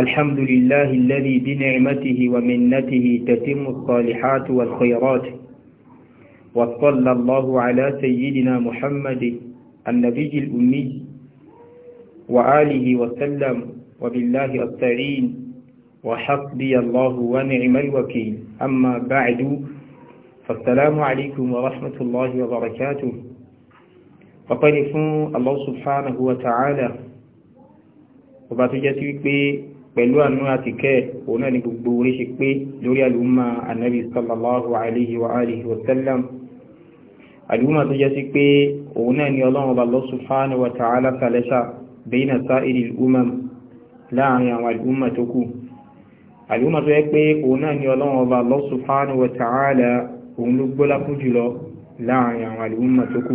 الحمد لله الذي بنعمته ومنته تتم الصالحات والخيرات وصلى الله على سيدنا محمد النبي الأمي وآله وسلم وبالله أستعين وحسبي الله ونعم الوكيل أما بعد فالسلام عليكم ورحمة الله وبركاته فقال الله سبحانه وتعالى وبعد جاتي pẹ̀lú àánú àti kẹ́ òun náà ni gbogbo orí ṣe pé lórí àlùmọ́ ànábì sallallahu alayhi wa alihi wa sallam àlùmọ́ tó jẹ́ sí pé òun náà ni ọlọ́run bá Allah subhanahu wa ta'ala sàlẹ́sà bayna sa'iril umam láàrin àwọn àlùmọ́ tó kù àlùmọ́ tó kù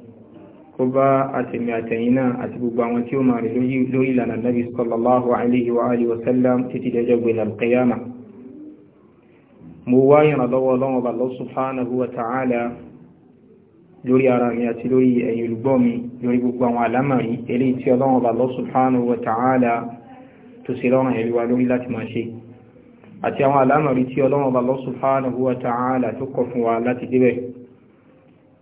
kó bá àtẹ̀mí àtẹ̀yìn náà àti gbogbo àwọn tí ó máa rí lórí ìlànà nàbí sallallahu alayhi wa alihi wa sallam títí dẹjọ́ gbé lálùkẹ́yàmà mo wá ìrànlọ́wọ́ ọlọ́run ọba Allah subhanahu wa ta'ala lórí ara mi àti lórí ẹ̀yin olùgbọ́ mi lórí gbogbo àwọn àlámàrí eléyìí tí ọlọ́run ọba subhanahu wa ta'ala tó ṣe lọ́rùn ẹ̀rí wa lórí láti máa ṣe àti àwọn àlámàrí tí ọlọ́run ọba subhanahu wa ta'ala tó kọ̀ fún wa láti débẹ̀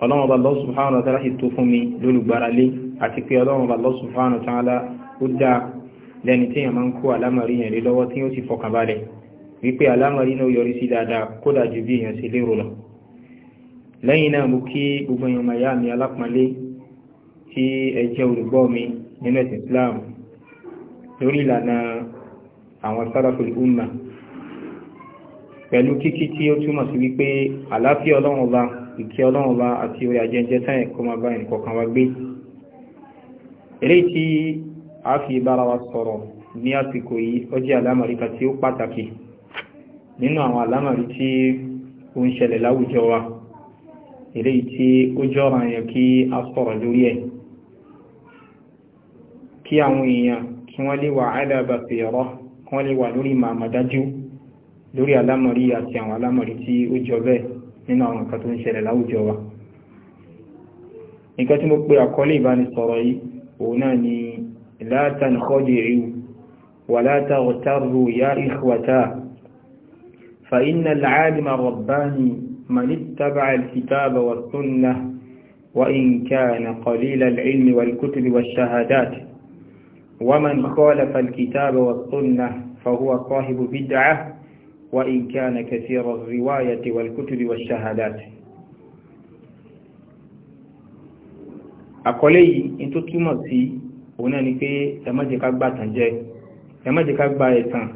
ọlọ́run ọba Allah subhanahu wa ta'ala ètò fún mi lólùgbáralé àti pé ọlọ́run ọba Allah subhanahu wa ta'ala ó dá lẹ́ni tí èèyàn máa ń kó àlámọ̀rí yẹn lé lọ́wọ́ tí ó sì fọkàn balẹ̀ wípé àlámọ̀rí náà yọrí sí dáadáa kódà ju bí èèyàn ṣe lérò lọ lẹ́yìn náà mo kí gbogbo èèyàn màyá mi alápọ̀nlé tí ẹ jẹ́ olùgbọ́ mi nínú ẹ̀sìn Islam lórí ìlànà àwọn sáràfòlì umma pẹ̀lú kíkí tí ó túmọ̀ sí wípé àlàáfíà ọlọ́run ọba ìkẹ́ ọlọ́run bá àti orí ajẹ́jẹ́ sáyẹn kó máa bá ẹnìkọ̀ọ̀kan wa gbé eré tí a fi bára wa sọ̀rọ̀ ní àsìkò yìí ó jẹ́ tí ó pàtàkì nínú àwọn àlámọ̀rí tí ó ń ṣẹlẹ̀ wa eré tí ó jọra yẹn kí a sọ̀rọ̀ lórí ẹ̀ kí àwọn èèyàn kí wọ́n lè wà áìdàbàtì ọ̀rọ̀ kí wọ́n lè wà lórí màmá dájú lórí àlámọ̀rí àti àwọn àlámọ̀rí tí ó jọ bẹ́ẹ̀ nínú àwọn nǹkan tó ń ṣẹlẹ̀ láwùjọ wa nǹkan tí mo pe àkọlé ìbánisọ̀rọ̀ yìí òun náà ni la tankhadi'u wa la taghtarru ya ikhwata fa inna al-'alima rabbani ní ittaba'a al-kitaba was-sunnah وإن كان قليل العلم والكتب والشهادات ومن خالف الكتاب والسنة فهو صاحب بدعة وإن كان كثير الرواية والكتب والشهادات àkọlé yìí in tó túmọ̀ sí òun náà ni pé ẹ má jẹ́ ká gba tànjẹ́ ẹ má jẹ́ ká gba ẹ̀tàn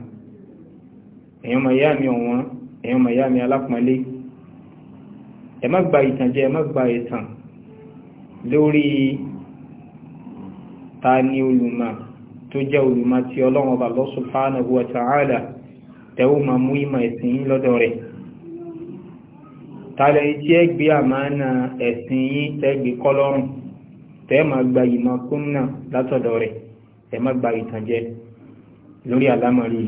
èyàn ma yá mi ọ̀wọ́n èyàn ma yá mi alápọ̀nlé ẹ má gba ìtànjẹ́ ẹ má gba ẹ̀tàn lórí ta ni olùmọ̀ tó jẹ́ olùmọ̀ tí Ọlọ́run Ọba Allah subhanahu wa ta'ala tẹ́wọ́ máa mú ìmọ̀ ẹ̀sìn yín lọ́dọ̀ rẹ̀ tààlẹ̀ tí ẹ gbé àmàna ẹ̀sìn yín tẹ́gbé kọ́lọ́rùn tẹ́ máa gba ìmọ̀ kúnnà látọ̀dọ̀ rẹ̀ ẹ má gba ìtànjẹ lórí àlámọ̀rí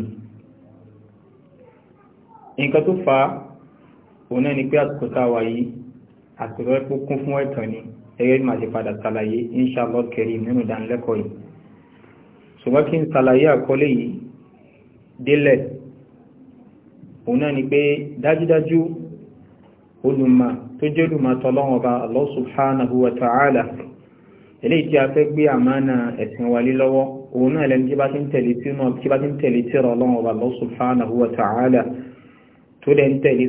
yìí nǹkan tó fa òun náà ni pé àsìkò tá a wà yìí àsìkò tó kún fún ẹ̀tàn ni ẹgbẹ́ bí màá ṣe padà ṣàlàyé inshallah karim nínú ìdánilẹ́kọ̀ọ́ yìí ṣùgbọ́n kí n ṣàlàyé àkọlé yìí délẹ̀ òun náà ni pé dájúdájú olùmọ̀ tó jẹ́ olùmọ̀ tọ́lọ́wọ́n ọba Allah subhanahu wa ta'ala eléyìí tí a fẹ́ gbé àmánà ẹ̀sìn wa lé lọ́wọ́ òun náà lẹ́nu tí bá ti ń tẹ̀lé tírà ọlọ́run ọba Allah subhanahu wa ta'ala tó dẹ̀ ń tẹ̀lé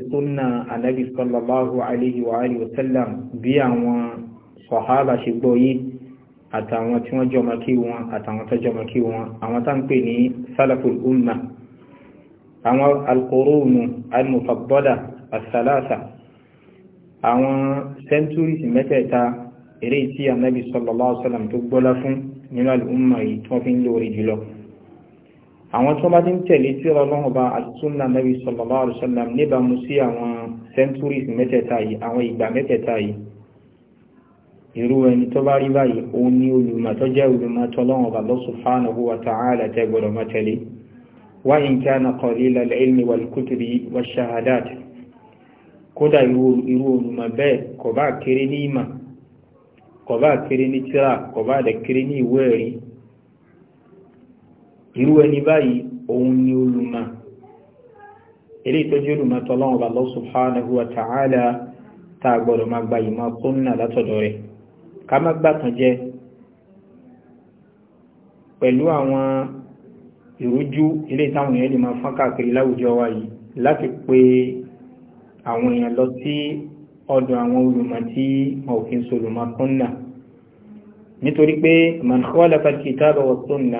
àtàwọn tí wọ́n jọmọ kí wọn àtàwọn tó jọmọ kí wọn àwọn tá ń pè ní salaful umma àwọn alkòrónù almufabbọ́dà asalasa àwọn centuries mẹ́tẹ̀ẹ̀ta eré tí anábi sallallahu alaihi wasallam tó gbọ́lá fún nínú al'umma yìí tó fi ń lórí jùlọ àwọn tó bá ti ń tẹ̀lé tí ọlọ́run bá àtúnná anábi sallallahu alaihi wasallam níbàámu sí àwọn centuries mẹ́tẹ̀ẹ̀ta yìí àwọn ìgbà mẹ́tẹ̀ẹ̀ta yìí irú ẹni tó bá rí báyìí òun ni olùmọ̀ tó jẹ́ olùmọ̀ tọ́lọ́run bá Allah subhanahu wa ta'ala tẹ́gbọ́dọ̀ mọ́tẹ́lé wa’in kyana ƙorila ilmi wal kutubi wa shahadat ko da iru ma bai ko ba kiri ni ma ko ba kiri ni tira ko ba da kiri ni weri iru wani bayi ohun ni oluma ere itoji oluma tolon ba lo subhanahu wa ta'ala ta gbọdọ ma gba ima kunna latodo Kama ka ma gba kan je pẹlu awon ìrújú ilé ìtàwọn èèyàn lè máa fọ́n káàkiri láwùjọ wa yìí láti pé àwọn èèyàn lọ sí ọ̀dọ̀ àwọn olùmọ̀ tí wọn ò kí ń solùmọ̀ sunna nítorí pé man khalafa al-kitaba wa sunna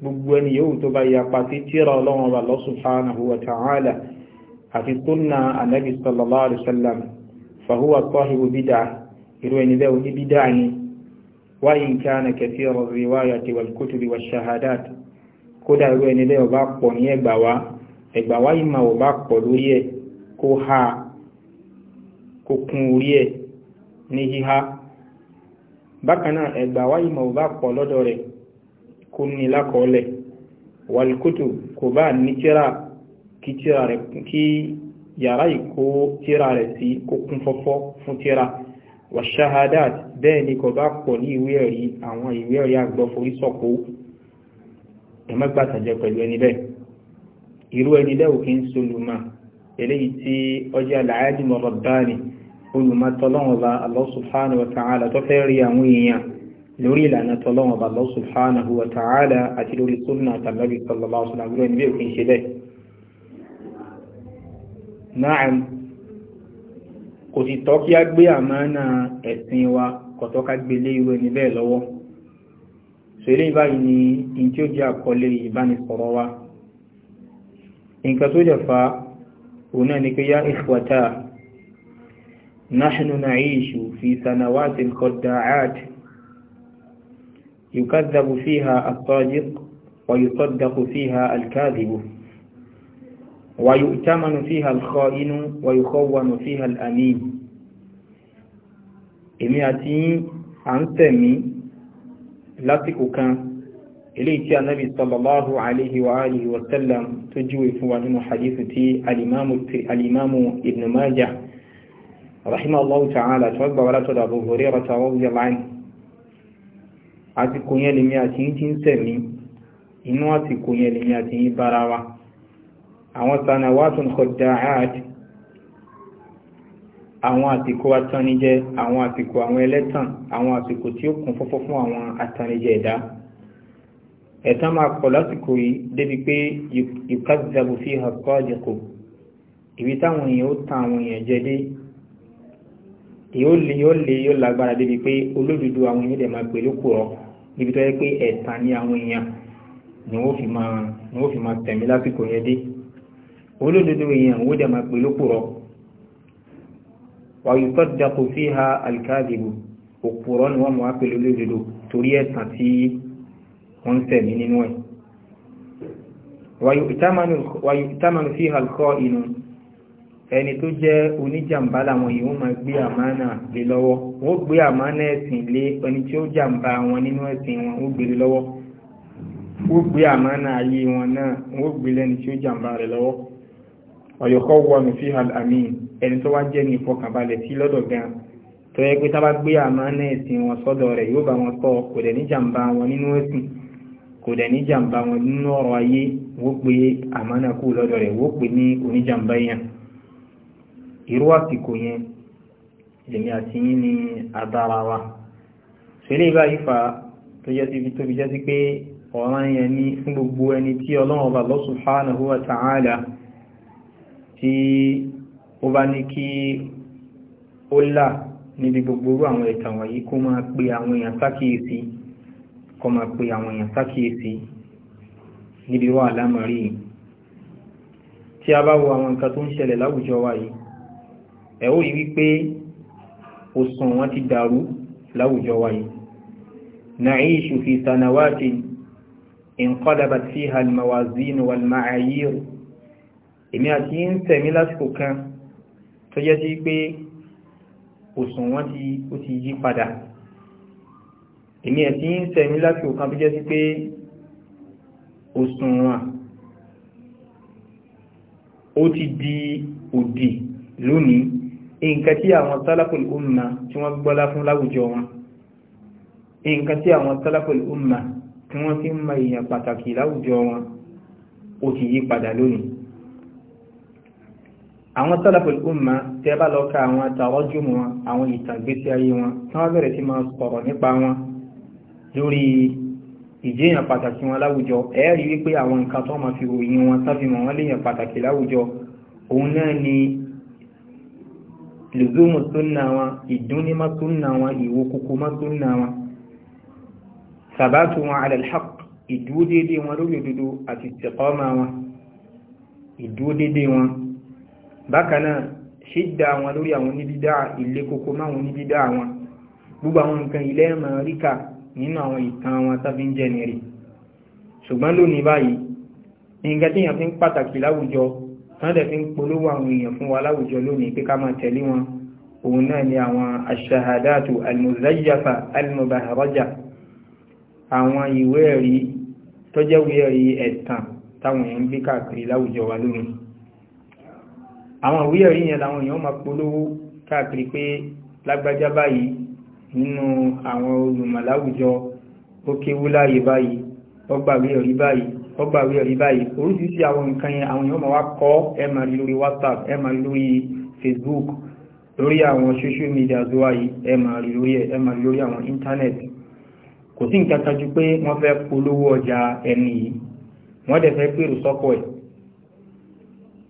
gbogbo ẹni yóò tó bá yapa sí tírà ọlọ́run ọba Allah subhanahu wa ta'ala àti sunna anabi sallallahu alayhi wa sallam fa huwa sahibu irú ẹni bẹ́ẹ̀ oní bídà ni wa in kana kathira ar-riwayati wal kutubi wash-shahadat kódà irú ẹni bẹ́ẹ̀ ọba pọ̀ ní ẹgbà wá ẹgbà wá yìí máa ọba pọ̀ lórí ẹ̀ kó ha kó kún orí ẹ̀ ní híhá bákan náà ẹgbà wá yìí máa ọba pọ̀ lọ́dọ̀ rẹ̀ kó ní lákọọ́lẹ̀ wàlíkótó kò bá ní kí tíra rẹ̀ kí yàrá ìkó tíra rẹ̀ sí kó kún fọ́fọ́ fún tíra wàṣáhádà bẹ́ẹ̀ ni kò bá pọ̀ ní ìwé ẹ̀rí àwọn ìwé ẹ̀rí àgbọ̀forí sọ̀kó ẹ má gbàtàjẹ pẹ̀lú ẹni bẹ́ẹ̀ irú ẹni lẹ́wò kí ń solùmọ̀ eléyìí tí ọjọ́ àlàáyé mọ̀rọ̀ báni olùmọ̀tọ́lọ́wọ̀ba Allah subhanahu wa ta'ala tó fẹ́ rí àwọn èèyàn lórí ìlànà tọ́lọ́wọ̀ba Allah subhanahu wa ta'ala àti lórí sunna tàbí sallallahu alaihi wa sallam irú ẹni sèré báyìí ni in tí ó jẹ́ àkọlé ìbánisọ̀rọ̀ wa nǹkan tó jẹ́ fa òun náà ni pé yá ikhwata nahnu na'ishu fi sanawati al-qadda'at yukadhabu fiha as-sadiq wa yusaddaqu fiha al-kadhib wa yu'tamanu fiha al-kha'in wa yukhawwanu fiha al-amin èmi àti à ń lásìkò kan eléyìí tí anábì sallallahu alayhi wa alihi wa sallam tó júwe fún wa nínú hadith tí alimamu ibn majah rahimah allah ta'ala tí wọ́n gbà wọ́lá tọ́dọ̀ Abu Hurairah radiyallahu anhu àsìkò yẹn lèmi àti yín ti ń sẹ̀mí inú àsìkò yẹn lèmi àti yín bára wa àwọn sanawatun khudda'at àwọn àsìkò atannijẹ àwọn àsìkò àwọn ẹlẹ́tàn àwọn àsìkò tí ó kún fọ́fọ́ fún àwọn atannijẹ ẹ̀dá ẹ̀tàn máa pọ̀ lásìkò yìí débi pé yukazabu fi hàkọ́ àjẹkù ibi táwọn èèyàn ó tan àwọn èèyàn jẹ dé yóò lè yóò lè yóò lágbára débi pé olódodo àwọn èèyàn dẹ̀ máa pè lóko rọ níbi tó yẹ pé ẹ̀tàn ni àwọn èèyàn ni wọ́n fi máa ni wọ́n fi máa tẹ̀mí lásìkò yẹn dé olódodo èèyàn wó dẹ̀ máa pè lóko rọ ويصدق فيها الكاذب òpùrọ́ ni wọ́n mọ̀ ápè lólódodo torí ẹ̀sàn tí wọ́n ń tẹ̀mí nínú ẹ̀ wàyùtámanù fi halkọ́ inú ẹni tó jẹ́ oníjàmbá làwọn yìí wọ́n máa gbé àmánà lé lọ́wọ́ wọ́n gbé àmánà ẹ̀sìn lé ẹni tí ó jàmbá wọn nínú ẹ̀sìn wọn wọ́n gbé lé lọ́wọ́ wọ́n gbé àmánà ayé wọn náà wọ́n gbé lẹ́ni tí ó jàmbá rẹ̀ lọ́wọ́ wàyùkọ́ wọ́n fi hal amin ẹni tó wá jẹ́ ní ìfọkànbalẹ̀ sí lọ́dọ̀ gan tó yẹ pé tábà gbé àmánà ẹ̀sìn wọn sọ́dọ̀ rẹ̀ yóò bá wọn sọ kò dẹ̀ ní jàǹbá wọn nínú ẹ̀sìn kò dẹ̀ ní jàǹbá wọn nínú ọ̀rọ̀ ayé wó pé àmánà kú lọ́dọ̀ rẹ̀ wó pé ní oníjàǹbá yẹn irú àsìkò yẹn lèmi àti yín ní adára wa ṣẹlẹ̀ báyìí fa tó jẹ́ sí tóbi jẹ́ sí pé ọ̀ràn yẹn ní fún gbogbo ẹni tí ọlọ́run ọba Allah subhanahu wa ta'ala tí ó bá ní kí ó là níbi gbogbo orú àwọn ẹ̀tàn wọ̀nyí kó máa pe àwọn èèyàn sákìyèsí kó máa pe àwọn èèyàn sákìyèsí níbi wà lámàrí yìí tí a bá wo àwọn nǹkan tó ń ṣẹlẹ̀ láwùjọ wa yìí ẹ ó rí wípé òsàn wọn ti dàrú láwùjọ wa yìí na'ishu fi sanawati inqalabat fiha al-mawazin èmi àti ń tẹ̀mí lásìkò kan tó jẹ́ sí pé òṣùwọ̀n ti ó ti yí padà èmi ẹ̀ tí ń sẹ̀mí láti òkan tó jẹ́ sí pé òṣùwọ̀n ó ti di òdì lónìí nǹkan tí àwọn salaful umma tí wọ́n gbọ́lá fún láwùjọ wọn nǹkan tí àwọn salaful umma tí wọ́n fi ń ma èèyàn pàtàkì láwùjọ wọn ó ti yí padà lónìí àwọn sálàfòlù umma tẹ́ bá lọ ka àwọn àtàwọ́jùmọ̀ wọn àwọn ìtàgbésí ayé wọn tí wọ́n bẹ̀rẹ̀ sí máa sọ̀rọ̀ nípa wọn lórí ìjéèyàn pàtàkì wọn láwùjọ ẹ̀ẹ́rí wípé àwọn nǹkan tó máa fi ròyìn wọn sáfihàn wọn léèyàn pàtàkì láwùjọ òun náà ni lùzúmù súnà wọn ìdúnnímọ́ súnà wọn ìwò kúkú mọ́ súnà wọn sàbátù wọn alẹ́lhaq ìdúódédé wọn lórí òdodo àti ìtẹ̀kọ́ máa wọn ìdúódédé wọn bákanáà ṣídà wọn lórí àwọn oníbídá ilé kókó máwọn oníbídá wọn gbogbo àwọn nǹkan ilẹ̀ ẹ̀mọ̀ ríkà nínú àwọn ìtàn wọn tàbí ń jẹ́ nìrí ṣùgbọ́n lónìí báyìí nǹkan tí èèyàn fi ń pàtàkì láwùjọ tán dẹ̀ fi ń polówó àwọn èèyàn fún wa láwùjọ lónìí pé ká máa tẹ̀lé wọn òun náà ni àwọn aṣahadatu almuzayyafa almubaharaja àwọn ìwé ẹ̀rí tó ẹ̀rí ẹ̀tàn táwọn èèyàn ń gbé káàkiri láwùjọ wa lónìí àwọn ìwé ẹ̀rí yẹn làwọn èèyàn máa polówó káàkiri pé lágbájá báyìí nínú àwọn olùmọ̀ láwùjọ ó kéwú láàyè báyìí ọgbàwé ẹ̀rí báyìí ọgbàwé ẹ̀rí báyìí oríṣiríṣi àwọn nǹkan yẹn àwọn èèyàn máa wá kọ́ ẹ máa rí lórí WhatsApp ẹ máa rí lórí Facebook lórí àwọn social media tó wáyé ẹ máa rí lórí ẹ máa rí lórí àwọn internet kò sí nǹkan kan ju pé wọ́n fẹ́ polówó ọjà ẹni yìí wọ́n dẹ̀ fẹ́ pèrò sọ́kọ̀ ẹ̀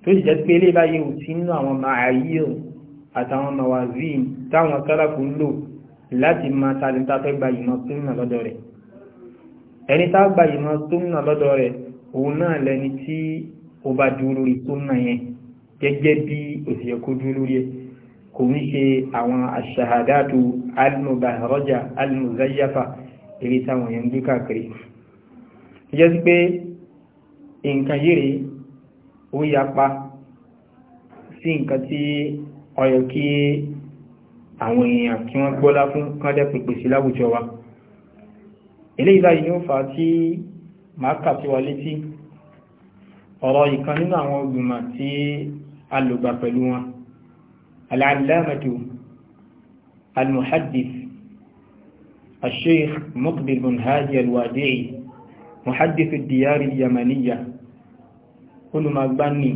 tó sì jẹ́ pé ilé báyé ò sí nínú àwọn ma'ayil àtàwọn mawazin táwọn sálàkù ń lò láti máa tàbí tàbí gba ìmọ̀ súnmọ̀ lọ́dọ̀ rẹ̀ ẹni tá gba ìmọ̀ súnmọ̀ lọ́dọ̀ rẹ̀ òun náà lẹni tí ó bá dúró lórí súnmọ̀ yẹn gẹ́gẹ́ bí òsìyẹ kó dúró lórí ẹ̀ kò ní ṣe àwọn aṣahadatu almubaharaja almuzayyafa èyí táwọn yẹn ń dúkà kiri ó yapa sí nǹkan tí ó yẹ kí àwọn èèyàn kí wọ́n gbọ́lá fún kọ́ndẹ̀ pèpè sí láwùjọ wa eléyìí báyìí ni ó fà á tí màá kà sí wa létí ọ̀rọ̀ ìkan nínú àwọn olùmọ̀ tí a lò gbà pẹ̀lú wọn al-allamatu al-muhaddith al-sheikh Muqbil bin Hadi olùmọ̀gbani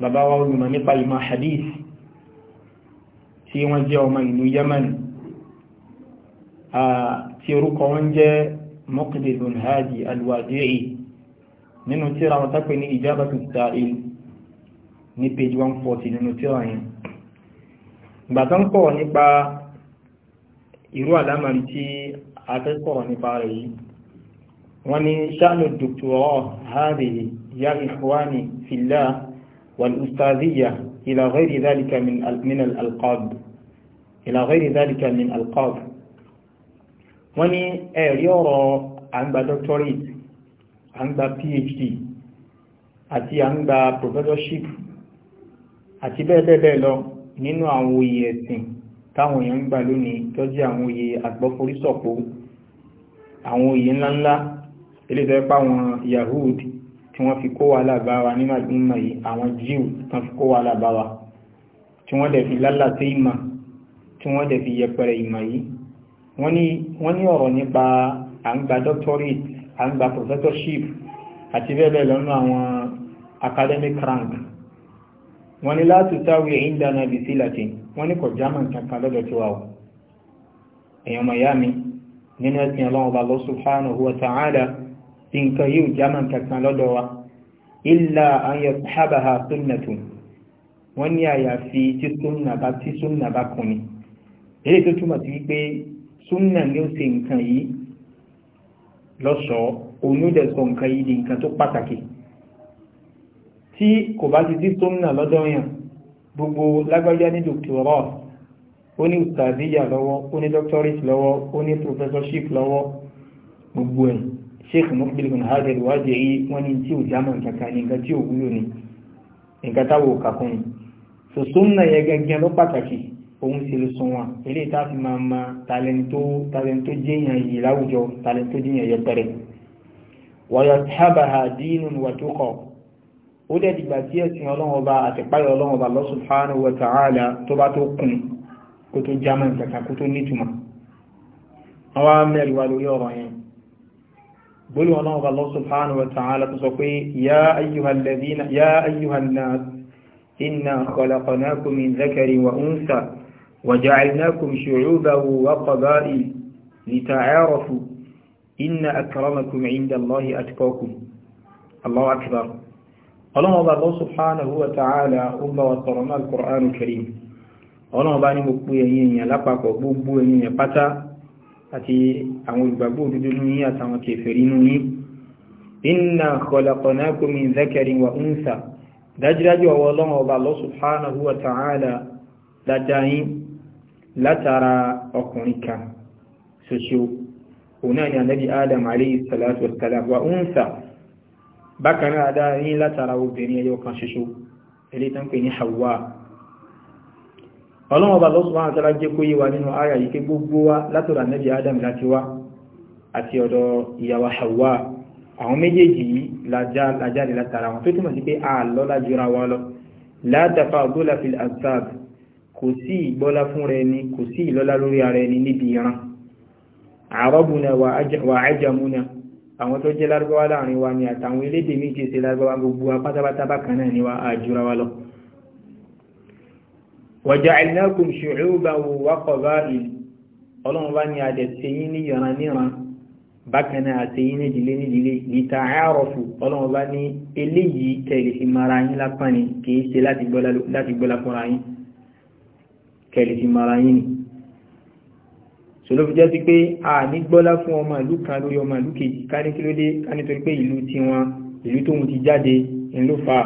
bàbá wa olùmọ̀ nípa ìmọ̀ hadith tí wọ́n jẹ́ ọmọ ìlú yemen ah, tí orúkọ wọn jẹ́ mọ́kìdìdùn hajji alwadi'i nínú tírà wọn tápẹ́ ní ijabatu sa'il ní page 140 nínú tírà yẹn gbàtán kọ̀ nípa irú àdámàrí tí a nípa rẹ̀ yìí wọ́n ní sáàlù dùkúrọ̀ hádìí يا إخواني في الله والأستاذية إلى غير ذلك من من الألقاب إلى غير ذلك من ألقاب وني أريورو عند دكتوريت عند PhD àti عند professorship àti bẹ́ẹ̀ bẹ́ẹ̀ bẹ́ẹ̀ lọ nínú àwọn oyè ẹ̀sìn táwọn èèyàn ń gbà lónìí tó jẹ́ àwọn oyè àgbọ́forísọ̀pọ̀ àwọn oyè ńláńlá eléyìí tó yẹ pa àwọn Yahudi tí wọ́n fi kó wa lábáwa ní màdínmà yìí àwọn jíù tán fi kó wa lábáwa tí wọ́n dẹ̀ fi lálàtí ìmọ̀ tí wọ́n dẹ̀ fi yẹpẹrẹ ìmọ̀ yìí wọ́n ní ọ̀rọ̀ nípa à ń gba doctorate à ń gba professorship àti bẹ́ẹ̀ bẹ́ẹ̀ lọ́nà àwọn academic rank wọ́n ní láti táwí ìdáná bí sí latin wọ́n ní kò german kankan lọ́dọ̀ tí wà ó èèyàn miami nínú ẹ̀sìn ọlọ́run ọba lọ́sùn fáánù huwa ta'ala nǹkan yóò jámà kankan lọ́dọ̀ wa illa an yashabaha sunnatun wọ́n ní ya tí súnà bá tí súnà bá kùn ni èyí tó túmọ̀ sí wípé súnà ni ó ṣe nǹkan yìí lọ́ṣọ̀ọ́ òun ó dẹ̀ sọ nǹkan yìí di nǹkan tó pàtàkì tí kò bá ti tí súnà lọ́dọ̀ yàn gbogbo lágbájá ní dòkítọ̀rọ̀ ó ní ustaziya lọ́wọ́ ó ní doctorate lọ́wọ́ ó ní professorship lọ́wọ́ gbogbo ẹ̀ sheikh mukbil bin hadi alwaji'i wọ́n ní tí ò jámọ̀ kankan ní nǹkan tí ò wúlò ní nǹkan táwọn ò kàkún ní so sunna yẹ gẹ́gẹ́ ló pàtàkì òun sì lè sun wọn eléyìí tá a fi máa ma talento talento jéèyàn yìí láwùjọ talento jéèyàn yẹpẹrẹ wọ́yọ̀ tábàá dínú wàtúkọ̀ ó dẹ̀ dìgbà tí ẹ̀sìn ọlọ́run ọba àtẹ̀páyọ̀ ọlọ́run ọba Allah subhanahu wa ta'ala tó bá tó kún kó tó jámọ̀ kankan kó tó nítumọ̀ wọ́n wá mẹ́rin wá lórí gbólú ọlọ́run bá Allah subhanahu wa ta'ala tó sọ pé ya ayyuhal ladhina ya ayyuhan nas inna khalaqnakum min dhakarin wa unsa wa ja'alnakum shu'uban wa qaba'il lita'arafu inna akramakum 'inda Allahi atqakum Allahu akbar ọlọ́run bá Allah subhanahu wa ta'ala ó wa sọ̀rọ̀ náà al-Qur'an bá ní mo pé ẹ̀yin èèyàn lápapọ̀ gbogbo ẹ̀yin èèyàn àti àwọn olùgbàgbọ́ òdodo ní àtàwọn kèfèrí nú yí inna khalaqnakum min dhakarin wa unsa dájúdájú ọwọ́ ọlọ́run ọba Allah subhanahu wa ta'ala dájáyín látara ọkùnrin kan ṣoṣo òun náà ni ànábì adam ọlọ́wọ́ bá lọ́sùn máa tọ́lá jẹ́ kó yí wa nínú ara yìí kí gbogbo wa látọ̀rọ̀ ànábì adam láti wá àti ọ̀dọ̀ ìyàwó hawa àwọn méjèèjì yìí lajáde látara wọn tó túnmọ̀ sí pé a lọ lájúra wa lọ ládàfà ọdọ́là fi azab kò sí ìgbọ́lá fún rẹ ni kò sí ìlọ́lá lórí ara ẹni níbi ìran àrọ́bùnà wà ájàmúnà àwọn tó jẹ́ lárúbáwá láàrin wa ni àtàwọn elédè méjèèjì lárúbáwá gbogbo apátápátá bákan náà ni wa àjúra wa lọ waja'alnakum shu'uban wa qaba'il ọlọ́run bá ní adẹ̀ sẹ́yìn ní yọ̀ràn níran bákan náà àtẹ̀yìn ní ìdílé ní ìdílé lita'arafu ọlọ́run bá ní eléyìí kẹ̀lẹ̀ fi mara yín lápá ni kìí ṣe láti gbọ́lá fúnra yín kẹ̀lẹ̀ fi mara yín ni sọlọ́fi jẹ́ sí pé a ní gbọ́lá fún ọmọ ìlú kan lórí ọmọ ìlú kejì ká ní kí ló dé ká pé ìlú tiwọn ìlú tóun ti jáde ń ló fa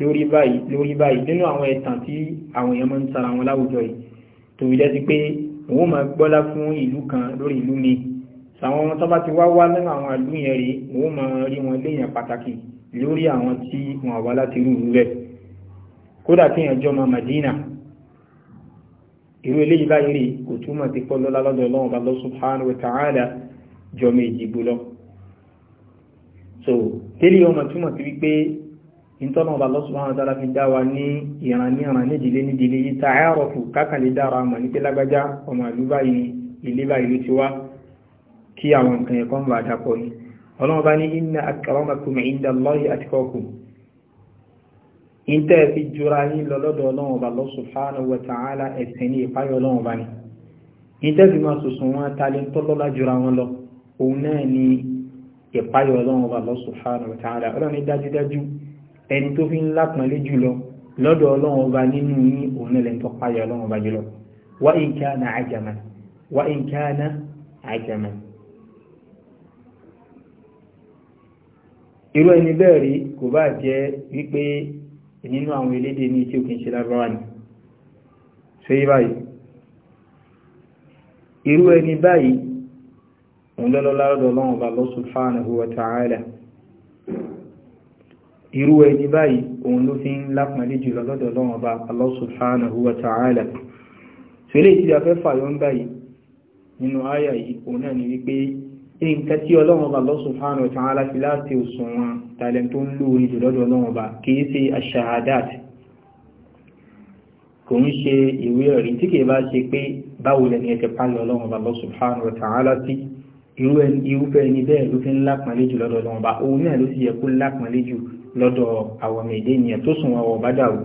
lórí báyìí lórí báyìí nínú àwọn ẹ̀tàn tí àwọn èèyàn máa ń tara wọn láwùjọ yìí tòun jẹ́ sí pé òun máa gbọ́lá fún ìlú kan lórí ìlú mi sàwọn ọmọ tó bá ti wá wá nínú àwọn ìlú yẹn rí òun máa rí wọn léèyàn pàtàkì lórí àwọn tí wọn wá láti rú ìlú kódà kí èèyàn jọmọ Madina irú eléyìí báyìí rí kò túmọ̀ sí pọ́ lọ́lá lọ́dọ̀ ọlọ́run bá subhanahu wa ta'ala jọmọ ìdìbò lọ so tẹ́lẹ̀ ọmọ túmọ̀ sí wípé ìtọ́nà ọba Allah subhanahu wa ta'ala fi dá wa ní ìran ní ìran nídìílé nídìílé yìí ta àárọ̀fù kákàlẹ̀ dára mọ̀ ní pé lágbájá ọmọ ìlú báyìí ilé báyìí ti wá kí àwọn nǹkan ẹ̀kọ́ ń bá dàpọ̀ ni ọlọ́run bá ní inna akramakum inda Allahi atqakum ìtẹ́ fi jura yín lọ́lọ́dọ̀ ọlọ́run ọba Allah subhanahu wa ta'ala ẹ̀sìn ní ìpáyọ̀ ọlọ́run ọba ni ìtẹ́ fi máa sùsùn wọn talẹ̀ tọ́lọ́lá jura wọn lọ òun náà ni ìpáyọ̀ ọlọ́run ọba Allah subhanahu wa ọlọ́run ní dájúdájú ẹni tó fi ń jùlọ lọ́dọ̀ ọlọ́run ọba nínú yín tó ọlọ́run jùlọ wa in kana ajaman wa in irú ẹni bẹ́ẹ̀ rí kò bá jẹ́ wípé nínú àwọn elédè ní tí ó kìí ṣe lábáwá ni ṣe yí báyìí irú ẹni báyìí òun lọ́lọ́lá lọ́dọ̀ ọlọ́run ọba irú ẹni báyìí òun ló fi ń lápàdé jùlọ lọ́dọ̀ Ọlọ́run Ọba Allah subhanahu wa ta'ala fẹ́lẹ̀ tí a fẹ́ fàyọ ń báyìí nínú àyà yìí òun náà ni wípé nǹkan tí Ọlọ́run Ọba Allah subhanahu wa ta'ala fi láti òṣùwọ̀n tàlẹ̀ tó ń lóore jùlọ lọ́dọ̀ Ọlọ́run Ọba kìí ṣe aṣahadat kò ń ṣe ìwé ẹ̀rí tí kìí bá ṣe pé báwo lẹni ẹ̀ ti ẹni bẹ́ẹ̀ ló fi ń lápàlẹ́ jù lọ́dọ̀ Ọlọ́run òun náà ló sì yẹ kó lápàlẹ́ jù lọ́dọ̀ àwọn èdè ènìyàn tó sùn wọn bá dàrú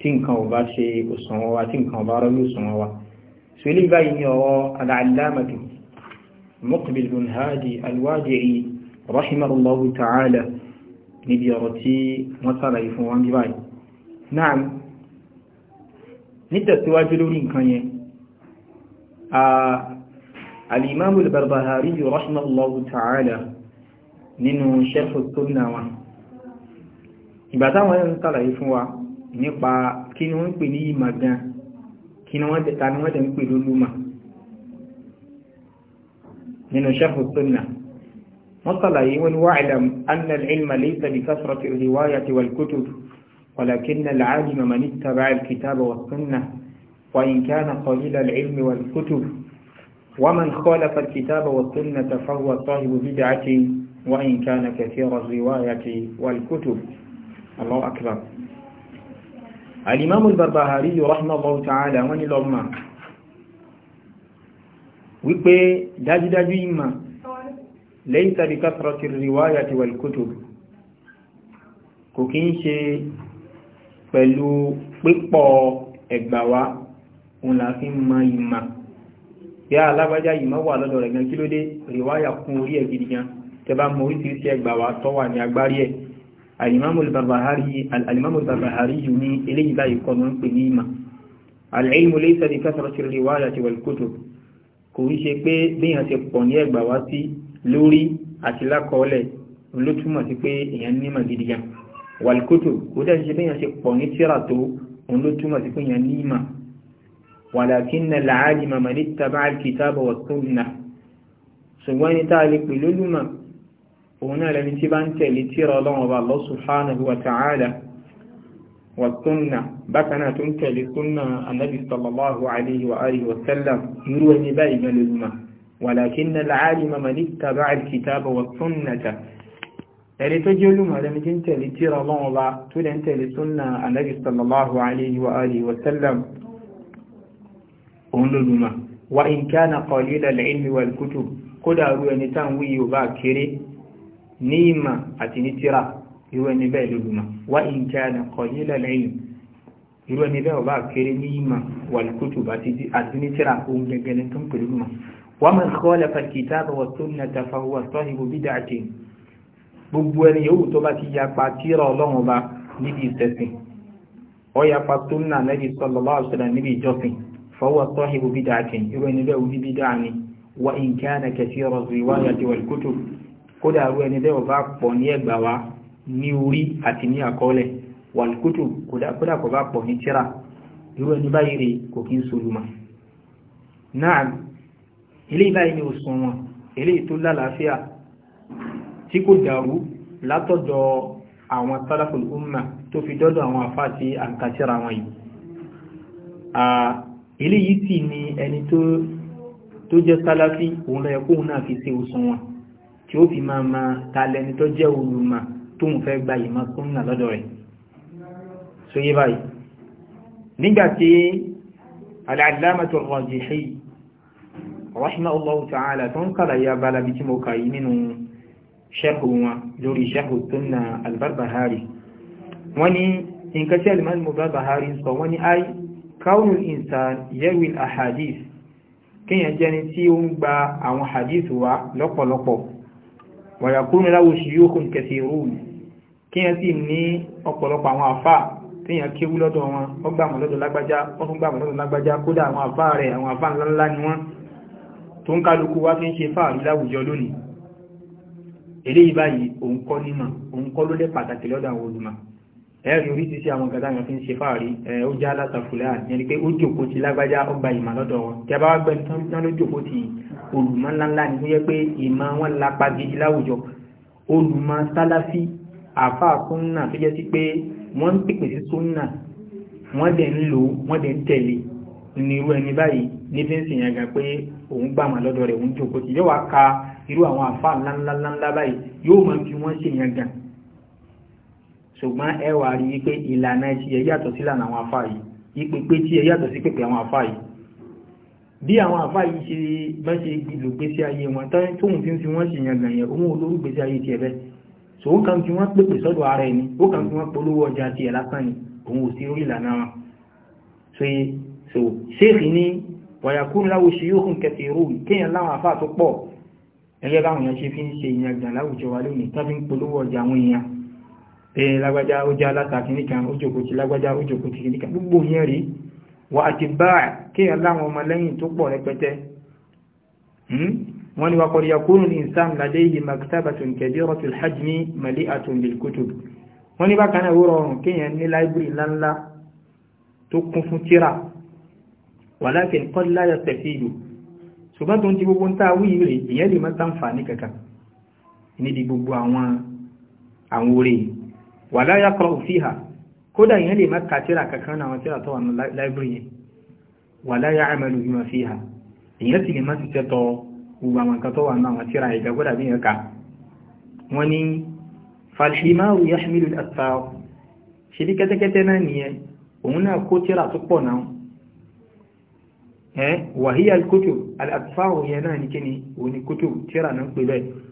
tí nǹkan ò bá ṣe òsùn wọn wa tí nǹkan ò bá rọ́ lóòsùn wọn wa so ilé báyìí ní ọwọ́ aláàlámàtì Muqbil bin Hadi al-Wadi'i rahimahullahu ta'ala níbi ọ̀rọ̀ tí wọ́n sàlàyé fún wọn bí báyìí náà nítẹ̀síwájú lórí nǹkan yẹn al barbahari rahimahullahu ta'ala nínú Sharh as-Sunnah ìgbà táwọn ẹ̀rùn tàlàyé fún wa nípa kí ni wọ́n ń pè ní ìmọ̀ gan kí ni wọ́n wọ́n ni wọ́n tẹ̀ ń pè lólú ma nínú sharh sunnah wọ́n tàlàyé wọn wa'lam anna al-ilma laysa bi kasrati al-riwayati wal-kutub ولكن العالم من اتبع الكتاب والسنة وإن كان قليل العلم والكتب ومن خالف الكتاب والسنة فهو صاحب بدعة وإن كان كثير الرواية والكتب Allahu akbar alimamu barbahari rahimahullahu ta'ala wọ́n ní lọ́mà wípé dájúdájú ìmà lẹ́yìn tàbí kásọ̀rọ̀tì ríwáyà ti wal kutub kò kí ń ṣe pẹ̀lú pípọ̀ ẹgbàwá òun la fi ń ma ìmà bí a alábájá ìmọ̀ wà lọ́dọ̀ rẹ̀ gan kí ló dé ríwáyà kún orí ẹ̀ gidi gan tẹ bá mọ oríṣiríṣi ẹgbàwá tó wà ní agbárí ẹ̀ الإمام البربهاري ní eléyìí báyìí kọ́ mọ́ ń pè ní ìmà العلم ليس بكثرة الرواية والكتب kò ń ṣe pé béèyàn ti pọ̀ ní ẹgbà wá sí lórí àti lákọọ́lẹ̀ ló túmọ̀ sí pé èèyàn ní ìmọ̀ gidi gan wàlíkótó kò dẹ́ ṣe béèyàn ti pọ̀ ní tíra tó òun ló túmọ̀ sí pé èèyàn ní ìmọ̀ walakinna al-alima man ittaba'a al-kitaba wa sunnah ṣùgbọ́n ẹni tá a lè pè lólùmọ̀ òun náà lẹni tí bá ń tẹ̀lé tírà ọlọ́run ọba Allah subhanahu wa ta'ala wa sunna bákan náà tó ń tẹ̀lé sunna anabi sallallahu alayhi wa alihi wa sallam irú ẹni báyìí gan lè zuma walakin al-alima man ittaba al-kitaba wa sunnata ẹni tó jẹ́ olùmọ̀ lẹni tí ń tẹ̀lé tírà ọlọ́run ọba tó lẹ́ tẹ̀lé sunna anabi sallallahu alayhi wa alihi wa sallam òun lè wa in kana qalila al-ilmi wal kutub kódà rú ẹni táwọn wíyí ò kéré ní ìmà àti ní tíra irú ẹni bẹ́ẹ̀ lólùmọ̀ wá ìjà nìkan yìí lẹ́lẹ́yìn irú ẹni bẹ́ẹ̀ ọba kéré ní ìmà wà lùkútù àti ní tíra ohun gẹ́gẹ́lẹ́ tó ń pè lólùmọ̀ wà mọ̀ kọ́lẹ̀ fàkìtà bọ̀wọ̀ tó ń nàta fàwọ̀ sọ́hìbò bídà àti gbogbo ẹni yòówù tó bá ti yapa tíra ọlọ́run kódà rú ẹni bẹ́ẹ̀ bá pọ̀ ní ẹgbà wa ní orí àti ní àkọọ́lẹ̀ wàlùkútù kódà kò bá pọ̀ ní tíra irú ẹni báyìí rè kò kí ń solùmọ̀ náà ilé báyìí ni òsùn wọn ilé tó lálàáfíà tí kò dàrú látọ̀dọ̀ àwọn salaful umma tó fi dọ́dọ̀ àwọn àfáà tí àǹkàṣẹ́ra wọn yìí ilé yìí sì ni ẹni tó jẹ́ sálàfí òun lọ́yẹ̀kóhun náà fi ṣe òsùn wọn tí ó fi máa ma ta lẹni tó jẹ́ olùmọ̀ tó ń fẹ́ gba ìmọ̀ súnà lọ́dọ̀ rẹ̀ so yé báyìí nígbàtí al-allamatu ar-rajihi rahimahullahu ta'ala tó ń kàlàyé abala bí tí mo kà yí nínú sharhu wọn lórí sharhu sunna al-Barbahari wọ́n ní nǹkan tí al sọ wọ́n ní ay kaunu al-insan yarwi al tí ó ń gba àwọn hadith wa lọ́pọ̀lọpọ̀ wàyàkúrú láwù shuyukhun kathirun kíyàn sì ní ọ̀pọ̀lọpọ̀ àwọn àfà tíyàn kéwú lọ́dọ̀ wọn ó gbàmọ̀ lọ́dọ̀ lágbájá ó tún lọ́dọ̀ lágbájá kódà àwọn àfà rẹ̀ àwọn àfà ńláńlá ni wọ́n tó ń kálukú wá fi ń ṣe fáàrí láwùjọ lónìí eléyìí báyìí òun kọ́ ẹ̀rù rí ti ṣe àwọn gàdá yẹn fi ń ṣe fáàrí ó jẹ́ aláta fúlẹ́à yẹn pé ó jòkó ti lágbájá ọgbà ìmọ̀ lọ́dọ̀ wọn tí a bá gbẹ́ tán ló jòkó ti olùmọ̀ ńláńlá ni tó yẹ pé ìmọ̀ wọn lapa gidi láwùjọ olùmọ̀ sálàfí àfa súnà tó yẹ sí pé wọ́n ń pèpè sí súnà wọ́n dẹ̀ ń lò wọ́n dẹ̀ ń tẹ̀lé ní irú ẹni báyìí ní fi ń sìn yàgà pé òun gbà wọn lọ́dọ̀ rẹ̀ òun jòkó ti yóò wá ka irú àwọn àfa ńláńláńlá ṣùgbọ́n ẹ wà rí wípé ìlànà ti ẹ yàtọ̀ sí ìlànà àwọn afá yìí ipe pé tí ẹ yàtọ̀ sí pèpè àwọn afá yìí bí àwọn afá yìí ṣe bá ṣe lò gbésí ayé wọn tóun fi ń fi wọ́n sì yan gànyẹn òun olórí gbésí ayé tiẹ̀ bẹ́ẹ̀ so ó kàn fi wọ́n pèpè sọ́dọ̀ ara ẹni ó kàn fi wọ́n polówó ọjà tiẹ̀ lásán ni òun ò sí orí ìlànà wọn so so ṣéèkì ní wàyàkúrú láwo ṣe yóò hùn kẹfì rú kéèyàn láwọn afá tó pọ̀ ẹgbẹ́ báwọn èèyàn ṣe fi ń ṣe ìyàgbà láwùjọ wa lónìí tó fi ń polówó ọjà àwọn èèyàn pé lágbájá ó jẹ́ alátàkìníkan ó jòkó ti lágbájá ó jòkó ti kìníkan gbogbo yẹn rí wà àti báà kí aláwọn ọmọ lẹ́yìn tó pọ̀ rẹpẹtẹ hmm? wọ́n ni wakọ̀rọ̀ yakúrù ní ìsám ladayhi maktabatun kabiratul hajmi mali'atun bil kutub wọ́n ní bákan náà ó rọrùn àwọn orí wàlá yaqra'u fiha kódà yẹn lè má ka tíra kankan náà tíra tó wà ní láìbírì yẹn wàlá ya'malu bima fiha èyàn sì lè má ti tẹ́tọ̀ gbogbo àwọn nǹkan tó wà ní àwọn tíra ìgbà kódà bí yẹn ka wọ́n ní falhimaru yahmilu al-asfar ṣe bí kẹ́tẹ́kẹ́tẹ́ náà nìyẹn òun náà kó tíra tó pọ̀ náà wàhíyà kutub al yẹn náà ní kíni òun ni kutub tíra náà pè bẹ́ẹ̀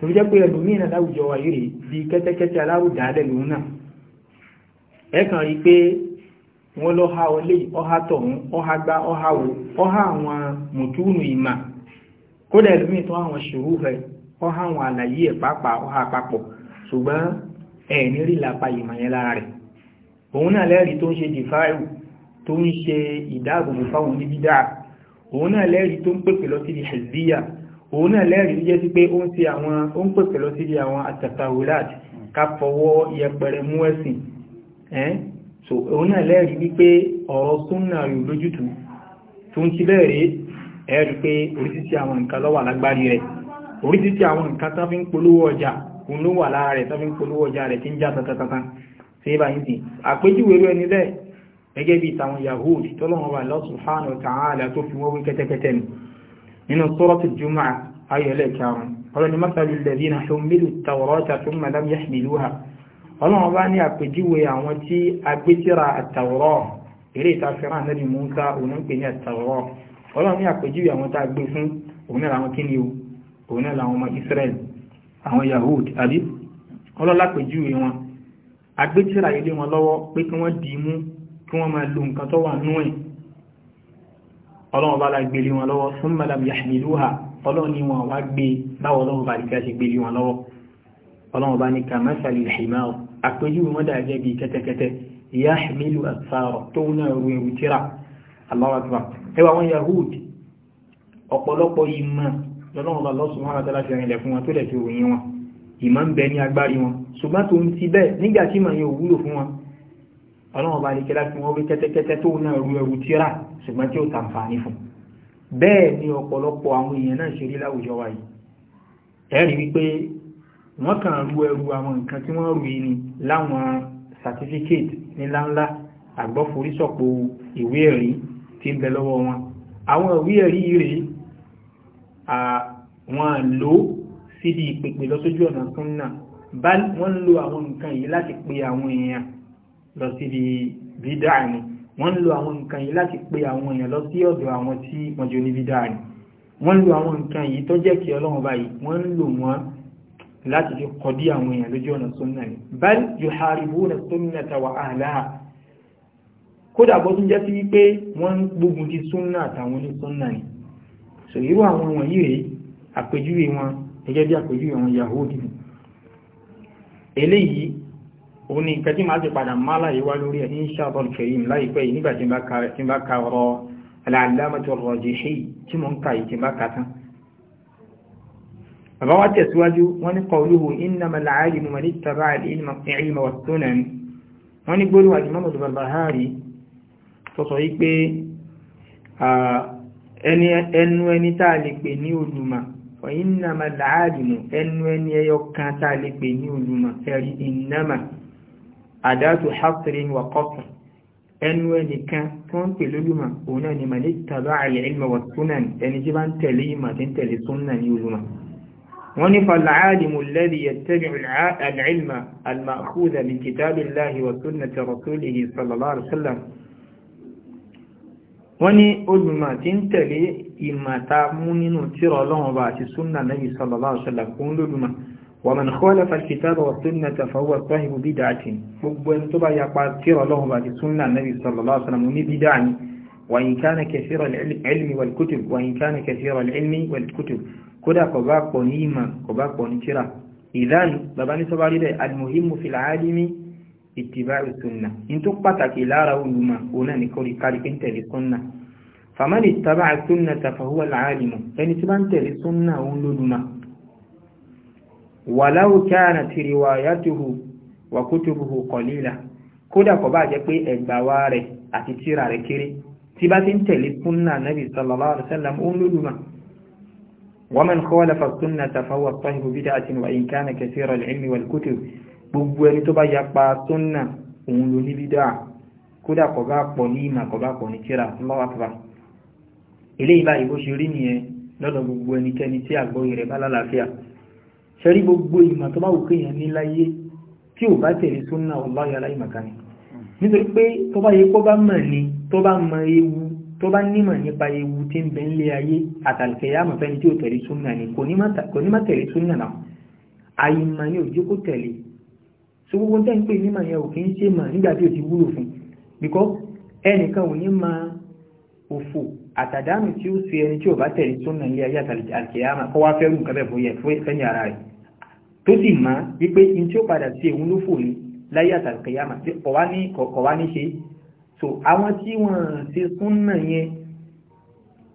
tó fi jẹ́ pé ẹlòmíì náà láwùjọ wa yìí bí kẹ́tẹ́kẹ́tẹ́ alárùdá lẹ́lòun náà ẹ kàn rí pé wọ́n lọ ha ọlé ọha tọ̀hún ọha gbá ọha wo ọha àwọn mùtúùnù ìmà kódà ẹlòmíì tó àwọn ṣòro rẹ̀ ọha àwọn àlàyé ẹ̀ pàápàá ọha àpapọ̀ ṣùgbọ́n ẹ̀ ní rí làpá ìmọ̀ yẹn lára òun náà lẹ́rìí tó jẹ́ sí pé ó ń ṣe àwọn ó ń pèpè lọ sí àwọn àtàtàwòláàt ká fọwọ́ yẹpẹrẹ mú ẹ̀sìn ẹ́n so òun náà lẹ́rìí wípé ọ̀rọ̀ súnnà yóò lójútù tó ń ti bẹ́ẹ̀rẹ̀ ẹ̀rí pé oríṣiríṣi àwọn nǹkan ló wà lágbárí rẹ̀ oríṣiríṣi àwọn nǹkan tó fi ń polówó ọjà òun ló wà lára rẹ̀ tó fi ń polówó ọjà rẹ̀ tí ń já tatatatan ṣe é bá yín sí àpéjúwe rẹ̀ nílẹ̀ gẹ́gẹ́ bí tàwọn Yahudi tọ́lọ́wọ́n wà Allah subhanahu wa ta'ala tó fi wọ́n wí kẹ́tẹ́kẹ́tẹ́ nù nínú sọ́rọ̀tì jùmọ́ ayẹ̀lẹ̀ karùn ọlọ́ni mọ́sàlì lẹ́bí na ṣomílù tàwọ̀rọ̀ta tó mọ̀ lábí yàṣìlú ha ọlọ́run bá ní àpèjúwe àwọn tí agbétíra àtàwọ̀rọ̀ eré ìtafẹ́ràn náà ni Musa onípe ní àtàwọ̀rọ̀ ọlọ́run ní àpèjúwe àwọn tá a gbé fún òun náà làwọn kíni o òun náà làwọn ọmọ Israel àwọn Yahud àbí ọlọ́lá àpèjúwe wọn agbétíra ilé wọn lọ́wọ́ pé kí wọ́n dì í mú kí wọ́n máa lo nǹkan tó wà nú ẹ̀ ọlọ́run bá la gbélé wọn lọ́wọ́ thumma lam yahmiluha ọlọ́run ni wọn wá gbé báwo ọlọ́run bá nìkan ṣe gbélé wọn lọ́wọ́ ọlọ́run bá ní kamathali al-himar àpéjú wọn dà jẹ́ bíi kẹ́tẹ́kẹ́tẹ́ yahmilu asfara tó ń náà rú ewu tíra Allahu akbar ẹwà wọn yahud ọ̀pọ̀lọpọ̀ ìmọ̀ lọ́lọ́run bá lọ́sùn ọlọ́run bá lè kí láti wọ́n bí kẹ́tẹ́kẹ́tẹ́ tó náà rú ẹrù tíra ṣùgbọ́n tí ó tàǹfààní fún bẹ́ẹ̀ ni ọ̀pọ̀lọpọ̀ àwọn èèyàn náà ṣe rí láwùjọ wa yìí ẹ̀rí wípé wọ́n kàn rú ẹrù àwọn nǹkan tí wọ́n rú yìí ni láwọn certificate níláńlá àgbọ́forísọ̀pọ̀ ìwé ẹ̀rí tí ń bẹ lọ́wọ́ wọn àwọn ìwé ẹ̀rí rèé àwọn lò síbi ìpèpè lọ́sójú ọ̀nà súnnà wọ́n ń lo àwọn nǹkan yìí láti pe àwọn èèyàn lọ síbi bídà ni wọ́n ń lo àwọn nǹkan yìí láti pe àwọn èèyàn lọ sí ọ̀dọ̀ àwọn tí wọ́n jọ ní bídà ni wọ́n ń lo àwọn nǹkan yìí tó jẹ́ kí ọlọ́run báyìí wọ́n lò wọ́n láti fi kọ̀dí àwọn èèyàn lójú ọ̀nà sunna ni bal yuharibuna sunnata wa ahlaha kódà bó tún jẹ́ sí wípé wọ́n ń gbógun ti súnnà àtàwọn oní súnnà ni so irú àwọn wọ̀nyí rèé àpèjúwe wọn gẹ́gẹ́ bí àpèjúwe wọn yahudi eléyìí òun ni ìkẹ́ tí máa ti padà máa láyé wá lórí ẹ̀ inṣàtọ̀ kẹrin láìpẹ́ yìí nígbà tí bá ka ọ̀rọ̀ aláàlámọ́tò rọ̀jìṣì tí mo ń ka yìí tí bá ka tán bàbá wá tẹ̀síwájú wọ́n ní qawluhu innamal alimu man ittaba'a al-ilma ẹnu ẹni ẹyọ kan tá lè pè ní olùmọ̀ ẹ̀rí ìnámà àdátù hasrin wa qasr ẹnu ẹnìkan tí wọ́n ń pè lólùmọ̀ òun náà ni mà ní tàbá àlẹ́ ilmọ̀ wà sunan ẹni tí bá ń tẹ̀lé ìmọ̀ tí ń tẹ̀lé sunan ní olùmọ̀ wọ́n ní فالعالم الذي يتبع العلم المأخوذ من كتاب الله وسنة صلى الله عليه وسلم wọ́n ní olùmọ̀ tí ń tẹ̀lé ìmọ̀ ta mú nínú tírà Ọlọ́run bá àti ومن خالف الكتاب والسنة فهو صاحب بدعة gbogbo ẹni tó bá yapa tírà Ọlọ́hun bá ti súnnà Nábì sallallahu alaihi wasallam ní bídá وان كان كثير العلم والكتب وإن كان كثير العلم والكتب كدا كباك ونيما كباك ونكرا إذن باباني لدي المهم في العالم اتباع السنة إن تقبتك لا رؤون ما هنا نكوري كارك انت لسنة فمن اتبع السنة فهو العالم يعني تبع انت لسنة ونلما walau kanat riwayatuhu wa kutubuhu qalila kódà kò bá jẹ́ pé ẹgbà wa rẹ̀ àti tíra rẹ̀ kéré tí bá ti ń tẹ̀lé súnà nabi sallallahu alaihi wasallam ó ń lólùmọ̀ wa man khalafa sunnata fa huwa sahibu bid'atin wa in kana kathira al-ilmi wal kutub gbogbo ẹni tó bá yapa ṣẹ́rí gbogbo ìmọ̀ tó bá wù kéèyàn ní láyé tí ò bá tẹ̀lé súnà ọláyà aláìmọ̀kánì nítorí pé tó bá yẹ kó bá mọ̀ ni tó bá mọ ewu tó bá nímọ̀ nípa ewu tí ń bẹ ńlé ayé àtàlùkẹ́yà mọ̀ fẹ́ni tí ò tẹ̀lé súnà ni kò ní má tẹ̀lé súnà náà àyìnmọ̀ ni òjò kó tẹ̀lé so gbogbo tẹ́ ń pè nímọ̀ yẹn ò kí ń ṣe mọ̀ nígbà tí ò ti wúlò fún because ẹnìkan ò ní ma òfò àtàdánù tí ó ṣe ẹni tí ò bá tẹ̀lé súnà ilé ayé àtàlùkẹ́yà mọ̀ kó wá fẹ́rù nǹkan bẹ́ẹ̀ fún yẹ fẹ́ni ara rẹ̀ tó sì mọ̀ wípé in tí ó padà sí èun ló fò ní láyé àtàlùkẹ́yàmà tí kọ̀wá ní ṣe so àwọn tí wọ́n ṣe súnnà yẹn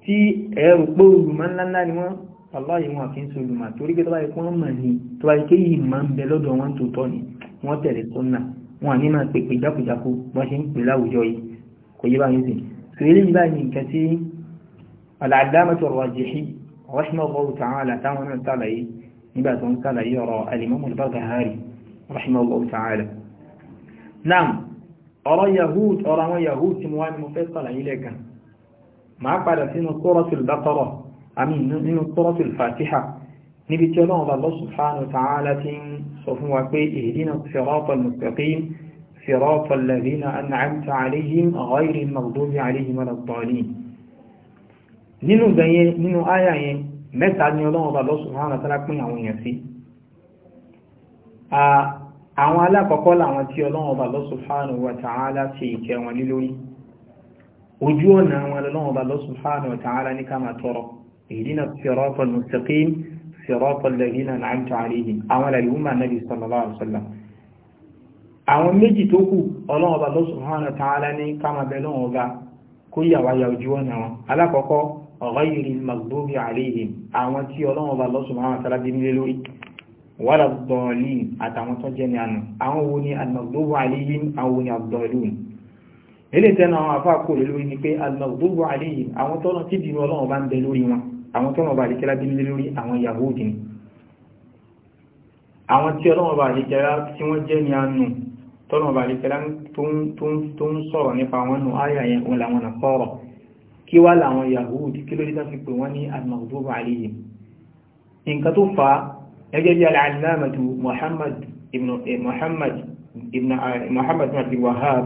tí ẹ̀rù pé olùmọ̀ ńláńlá ni wọ́n aláyé wọn kí ń so olùmọ̀ torí pé tọ́wáyé pé wọ́n mọ̀ ní tọ́wáyé pé yìí máa ń bẹ lọ́dọ̀ wọn tó tọ́ ni wọ́n tẹ̀lé súnnà wọn نبا زنكا لا يرى الإمام البرغهاري رحمه الله تعالى نعم أرى يهود أرى ما يهود سموان مفصل إليك ما قال سنو سورة البقرة أمين نزل سورة الفاتحة نبي تلوظ الله سبحانه وتعالى صفوا في إهدنا الصراط المستقيم صراط الذين أنعمت عليهم غير المغضوب عليهم ولا الضالين نينو زين mẹ́ta ni ọlọ́run ọba Allah subhanahu wa ta'ala pín àwọn èèyàn sí àwọn alákọ̀ọ́kọ́ làwọn tí ọlọ́run ọba Allah subhanahu wa ta'ala ṣe ìkẹ́ wọn lé lórí ojú ọ̀nà àwọn ọlọ́run ọba Allah subhanahu wa ta'ala ní ká máa tọrọ ihdina siratal غير المغضوب عليهم àwọn tí ọlọ́run bá lọ́sùn àwọn àtàlábí nílé lórí wàlá dọ̀ọ̀lìn àtàwọn tó jẹ́ ní àná àwọn wo ni al-maghdubu alayhim àwọn ni ad-dallun ilé tẹ́nà àwọn afá kò lè lórí ni pé al-maghdubu alayhim àwọn tọ́nà tí dìrú ọlọ́run bá ń bẹ lórí wọn àwọn tọ́nà bá lè kẹ́lábí nílé lórí àwọn yahudi ni àwọn tí ọlọ́run bá lè kẹ́lá tí wọ́n jẹ́ ní àánú tọ́nà bá lè kẹ́lá tó ń sọ̀rọ̀ nípa àwọn nù áyà yẹn òun làwọn nà sọ̀rọ̀ kí wá làwọn Yahudi kí lórí tán fi pè wọ́n ní al-maghdubi alayhim nǹkan tó fa ẹgbẹ́ bí al-allamatu Muhammad ibn eh, Muhammad ibn ah, Muhammad ibn Abdul Wahhab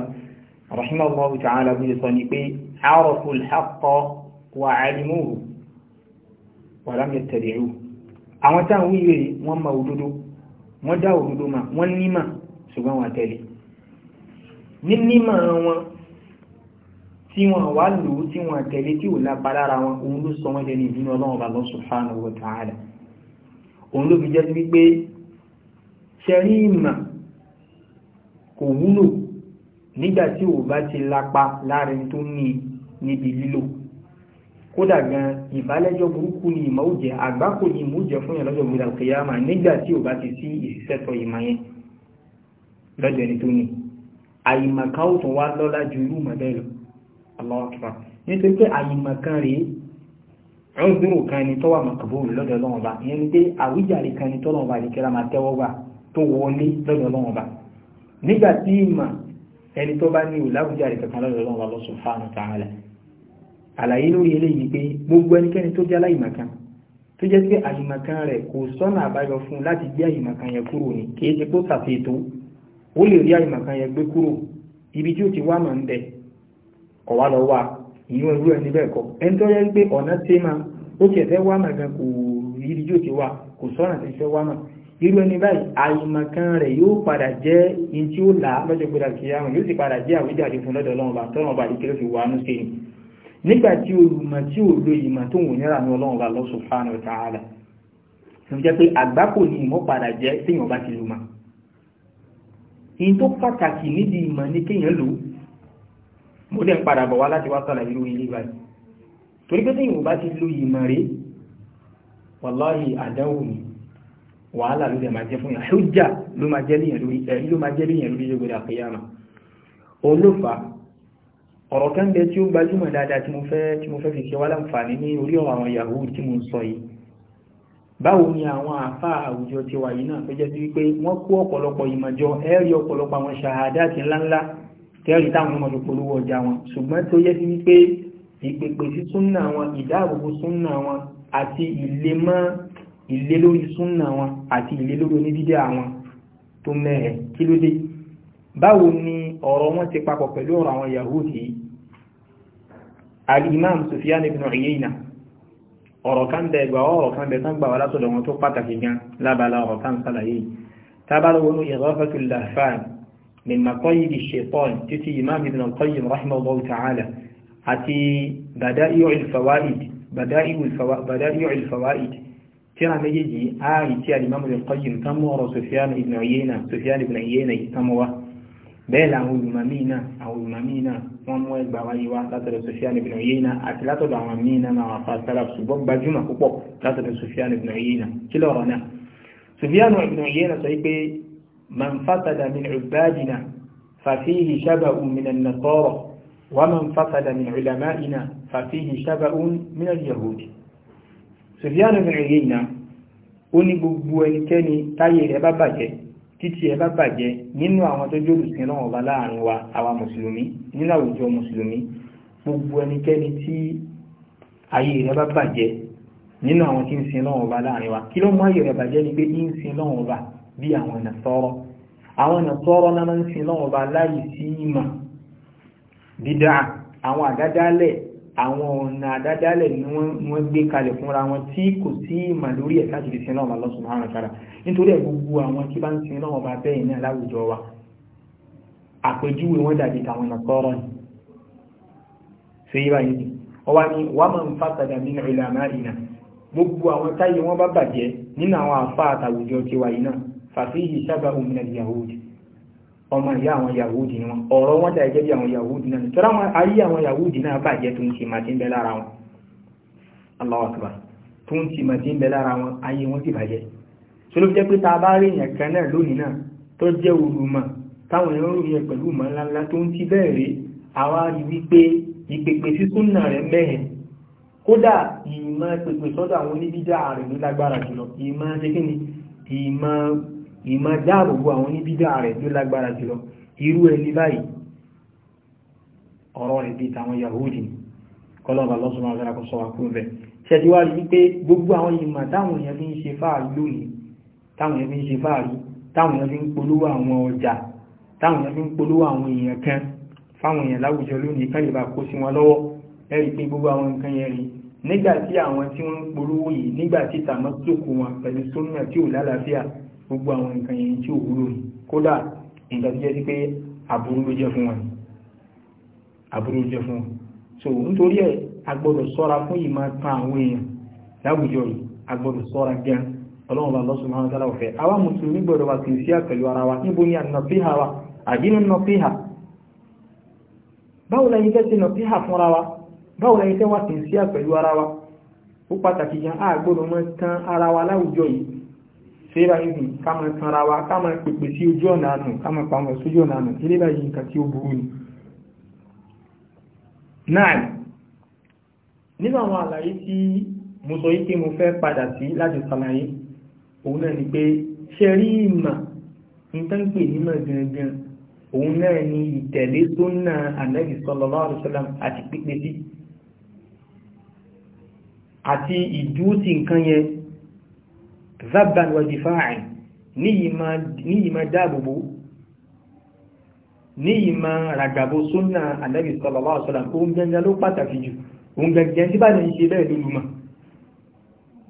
rahimahullahu ta'ala bí sọ ni pé arafu al-haqqa wa alimuhu wa lam yattabi'uhu àwọn táwọn wíwé wọ́n ma òdodo wọ́n dá òdodo ma wọ́n nímà ṣùgbọ́n wọn tẹ̀lé ní nímà wọn tí wọ́n wá lò ó tí wọ́n tẹ̀lé tí ò lápá lára wọn òun ló sọ wọ́n dẹni ìbínú ọlọ́run bá lọ subhanahu wa ta'ala òun ló fi jẹ́ sí wípé ṣẹ̀rí ìmọ̀ kò wúlò nígbà tí ò bá ti lápá lára ẹni tó ní níbi lílò kódà gan ìbálẹ́jọ́ burúkú ni ìmọ̀ ó jẹ́ àgbákò ni ìmọ̀ ó jẹ́ fún ìyànlọ́jọ́ gbéra kìyàmà nígbà tí ò bá ti sí ìṣiṣẹ́tọ̀ ìmọ̀ yẹn lọ́jọ́ ẹni tó ní àyìmọ̀ká ó tún wá lọ́lá ju irú mọ̀ bẹ́ẹ̀ lọ aláwọ̀kìfà nítorí pé àyìnmọ̀ kan rèé ọ̀dúnrún kan ni tọ́wà mọ̀kàbóòlù lọ́dọ̀ ọlọ́run ọba ìyẹn ni pé àwíjàre ni tọ́lọ́run ọba àdìkẹ́lá máa tẹ́wọ́ gbà tó wọlé lọ́dọ̀ ọlọ́run tó wa ta'ala àlàyé lórí eléyìí pé gbogbo ẹnikẹ́ni tó jẹ́ aláìmọ̀ kan tó jẹ́ pé àyìnmọ̀ kan rẹ̀ kò sọ́nà àbáyọ fún láti gbé àyìnmọ̀ kan yẹn kúrò ní kì í ṣe kó ṣàfihàn ó lè rí àyìnmọ̀ kan yẹn gbé kúrò ibi tí ó ti wá mọ̀ ń bẹ̀ ọ̀wá lọ wá ìyún irú ẹni bẹ́ẹ̀ kọ́ ẹni tó yẹ pé ọ̀nà tí ma ó ti ẹ̀fẹ́ wá màgà kò rí jó ti wá kò sọ́nà tí fẹ́ wá mà irú ẹni báyìí àìmọ̀kan rẹ̀ yóò padà jẹ́ in tí ó là lọ́jọ́ pé dàbí kìí àwọn yóò sì padà jẹ́ àwíjàre fún lọ́dọ̀ ọlọ́run bá tọ́nà ọba àdìkẹ́ fi wà á nú nígbà tí olùmọ̀ tí ò lo ìmọ̀ tó wò níra ní ọlọ́run bá lọ subhanahu wa ta'ala ló jẹ́ pé àgbákò ni ìmọ̀ padà jẹ́ téèyàn bá ti lùmọ̀ in tó pàtàkì nídìí ìmọ̀ ni kéèyàn lò ó mo dẹ̀ ń padà bọ̀ wá láti wá sàlàyé lórí ilé báyìí torí pé tẹ́yìn ò bá ti lo ìmọ̀ rẹ̀ wàláhì àdánwò ni wàhálà ló dẹ̀ máa jẹ́ fún yàn hujja ló máa jẹ́ léyàn lórí ẹ̀rí ló máa jẹ́ léyàn lórí ìjọba àkíyàmà olófà ọ̀rọ̀ kan bẹ tí ó gbajúmọ̀ dáadáa tí mo fẹ́ tí mo fẹ́ fi ṣe wá tẹ́rì táwọn ọmọ fi polówó ọjà wọn ṣùgbọ́n tó yẹ sí wípé ìpèpè sí súnà wọn ìdáàbòbò súnà wọn àti ìlé mọ́ ìlé lórí súnà wọn àti ìlé lórí onídídá wọn tó mẹ́rẹ̀ kí ló dé báwo ni ọ̀rọ̀ wọn ti papọ̀ pẹ̀lú ọ̀rọ̀ àwọn Yahudi al-Imam Sufyan ibn Uyayna ọ̀rọ̀ kan bẹ̀ gbà ọ̀rọ̀ kan bẹ̀ tán gbà wá wọn tó pàtàkì gan lábala ọ̀rọ̀ kan sálàyé tábàlówó ní Ighafatul Lahfan من مقايد الشيطان تتي إمام ابن القيم رحمه الله تعالى أتي بدائع الفوائد بدائع الفوائد, بدائع الفوائد ترى مجدي آي تي الإمام ابن القيم تمور سفيان ابن عيينة سفيان ابن عيينة تمور بل أو الممينة أو الممينة وموال بغيوة لاتر سفيان ابن عيينة أتلاتو دعوامينة مع فاسلاب سبب بجمع كبب لاتر سفيان ابن عيينة كلا رنا سفيان ابن عيينة سيبي من فسد من عبادنا ففيه شبأ من النصارى ومن فسد من علمائنا ففيه شبأ من اليهود سفيان بن عيينة ó ní gbogbo ẹnikẹ́ni táyé rẹ̀ bá bàjẹ́ títí ẹ bá bàjẹ́ nínú àwọn tó jòlù sí náà ọba láàrin wa àwa mùsùlùmí nínú àwùjọ mùsùlùmí gbogbo ẹnikẹ́ni tí ayé rẹ̀ bá bàjẹ́ nínú àwọn tí ń sin náà ọba láàrin wa kí ló mú ayé rẹ̀ bàjẹ́ ni pé ń sin náà ọba bí àwọn ọ̀nà sọ́rọ́ àwọn ọ̀nà sọ́rọ́ náà ń sin náà ọba láyé sí ìmọ̀ dídá àwọn àdádálẹ̀ àwọn ọ̀nà àdádálẹ̀ ni wọ́n gbé kalẹ̀ fúnra wọn tí kò sí ìmọ̀ lórí ẹ̀ láti fi sin náà ọba lọ́sùn àwọn àkàrà nítorí ẹ̀ gbogbo àwọn tí bá ń sin náà ọba bẹ́ẹ̀ náà láwùjọ wa àpèjúwe wọn dàbí tàwọn ọ̀nà sọ́rọ́ ni ṣe yí báyìí ọwá ni wà máa ń fásàdà nínú ìlànà ìnà gbogbo àwọn táyé wọn bá bàjẹ́ nínú àwọn àfáà àtàwùjọ tiwa yìí náà fàfíhì sábà òmìnà yahudi ọmọ ìyá àwọn yahudi ni wọn ọ̀rọ̀ wọn dà gẹ́gẹ́ bí àwọn yahudi náà nítorí àwọn ayé àwọn yahudi náà bàjẹ́ tó ń ti màtí ń bẹ lára wọn Allahu akbar tó ń ti màtí ń bẹ lára wọn ayé wọn sì bàjẹ́ sọlọ fi jẹ́ pé ta bá rí èèyàn kan náà lónìí náà tó jẹ́ olùmọ̀ táwọn èèyàn rò yẹ pẹ̀lú mọ̀ ńláńlá tó ń ti bẹ́ẹ̀ àwa rí wípé ìpèpè sí rẹ̀ mẹ́rin kódà ìmọ̀ pèpè sọ́dọ̀ àwọn oníbídà rẹ̀ ní lágbára jùlọ ìmọ̀ ṣe kí ni ìmọ̀ ìmọ̀ dáàbòbò àwọn oníbídà rẹ̀ ló lágbára jùlọ irú ẹni báyìí ọ̀rọ̀ rẹ̀ bí tàwọn yahudi kọlọ́bà lọ́sùnmọ́ ọ̀sára kọ́ sọ́wà kúrò bẹ̀ ṣẹ́díwájú wípé gbogbo àwọn ìmọ̀ táwọn èèyàn fi ń ṣe fáàrí lónìí táwọn èèyàn fi ń ṣe fáàrí táwọn èèyàn fi ń polówó àwọn ọjà táwọn èèyàn fi ń polówó àwọn èèyàn kan fáwọn èèyàn láwùjọ lónìí kan lè bá pé gbogbo àwọn nǹkan yẹn rí àwọn tí wọ́n ń polówó yìí nígbà tàmọ́ tókù wọn pẹ̀lú sómìnà tí ò lálàáfíà gbogbo àwọn nǹkan yẹn tí ò wúlò kódà nǹkan tó jẹ́ sí pé aburú so nítorí ẹ̀ a gbọ́dọ̀ sọ́ra fún yìí máa tan àwọn èèyàn láwùjọ yìí a sọ́ra gan ọlọ́run bá lọ́sùn máa ń dára ọ̀fẹ́ àwa mùsùlùmí gbọ́dọ̀ wà sí sí àpẹ̀lú ara wa níbo ni ànàfíhà wa nàfíhà báwo nàfíhà fúnra wa a máa tan ara wa sẹ́ra ìdùn kama sanra wa káàmà pèpè sí ojú ọ̀nà ànù káàmà pàmò sójú ọ̀nà ànù ilé báyìí nǹkan tí ó burú ni. náà nínú àwọn àlàyé tí mo sọ yí pé mo fẹ́ padà sí láti ṣàlàyé òun náà ni pé ṣe rí ìmọ̀ nǹkan pè nímọ̀ gangan òun náà ni ìtẹ̀lé tó ń na ànábì sallallahu alaihi wasallam àti pípé sí àti ìdúró ti nǹkan yẹn zabban wa difa'in níyìí ma dáàbòbò níyìí ma ràgàbò súnà ànábì sallallahu alaihi wasallam ohun gẹ́gẹ́ ló pàtàkì jù ohun gẹ́gẹ́ tí bá lè ṣe bẹ́ẹ̀ lólùmọ̀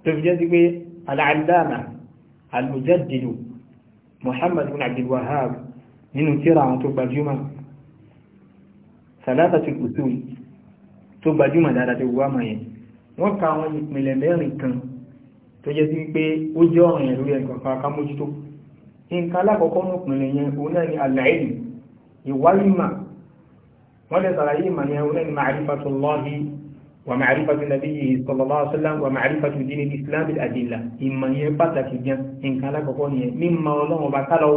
tó fi jẹ́ sí pé al-allama al-mujaddid muhammad bin abdul wahhab nínú tírà àwọn tó gbajúmọ̀ salatatul usul tó gbajúmọ̀ dáadáa tó wá mọ̀ yẹn wọ́n ka àwọn ìpìlẹ̀ mẹ́rin kan tó jẹ́ sí pé ó jẹ́ ọ̀ràn ẹ̀ lórí ẹ̀kọ̀ kan kámójútó nǹkan alákọ̀ọ́kọ́ ní òpinlẹ̀ yẹn òun náà ni àlàyé ìwáyìmà wọ́n lè sàlàyé ìmà yẹn òun náà ni màrífàtò lọ́hí wà màrífàtò nabiyyi sallallahu alaihi wasallam wà màrífàtò dínì islam àdìlà ìmà yẹn pàtàkì gan nǹkan alákọ̀ọ́kọ́ ni yẹn mímọ̀ ọlọ́run ọba kálọ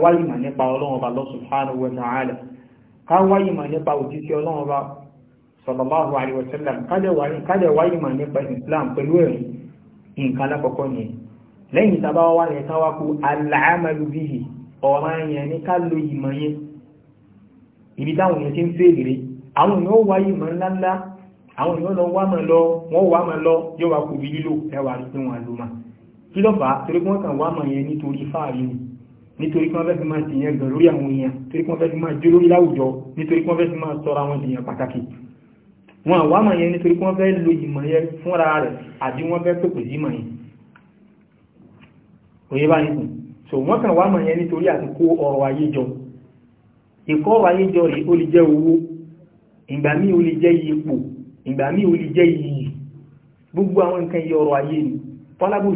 wáyìmà nípa nǹkan alákọ̀ọ́kọ́ ni, lẹ́yìn ìtàbá wá rẹ̀ ká wá kú aláàmàlú bíhì ọ̀ràn yẹn ní ká lo ìmọ̀ yẹn ibi táwọn èèyàn ti ń fèrè rẹ̀ àwọn èèyàn wá ìmọ̀ ńláńlá àwọn èèyàn lọ wá mọ̀ lọ wọ́n wá mọ̀ lọ yóò wá kú bí lílò ẹwà ní wọn lò mà kí ló fà á torí pé wọ́n kàn wá ni nítorí pé wọ́n fẹ́ fi wọn àwọn àmọ̀ yẹn nítorí wọ́n fẹ́ lo ìmọ̀ yẹn fúnra rẹ̀ àbí wọ́n fẹ́ pèpè sí ìmọ̀ yẹn òye bá yìí so wọ́n kàn wá mọ̀ yẹn nítorí àti kó ọrọ̀ ayé jọ ìkọ́ ọrọ̀ ayé jọ rèé ó lè jẹ́ owó ìgbà míì ó lè jẹ́ ipò ìgbà ó lè jẹ́ iyì gbogbo àwọn nǹkan iye ọrọ̀ ayé ni tọ́lábù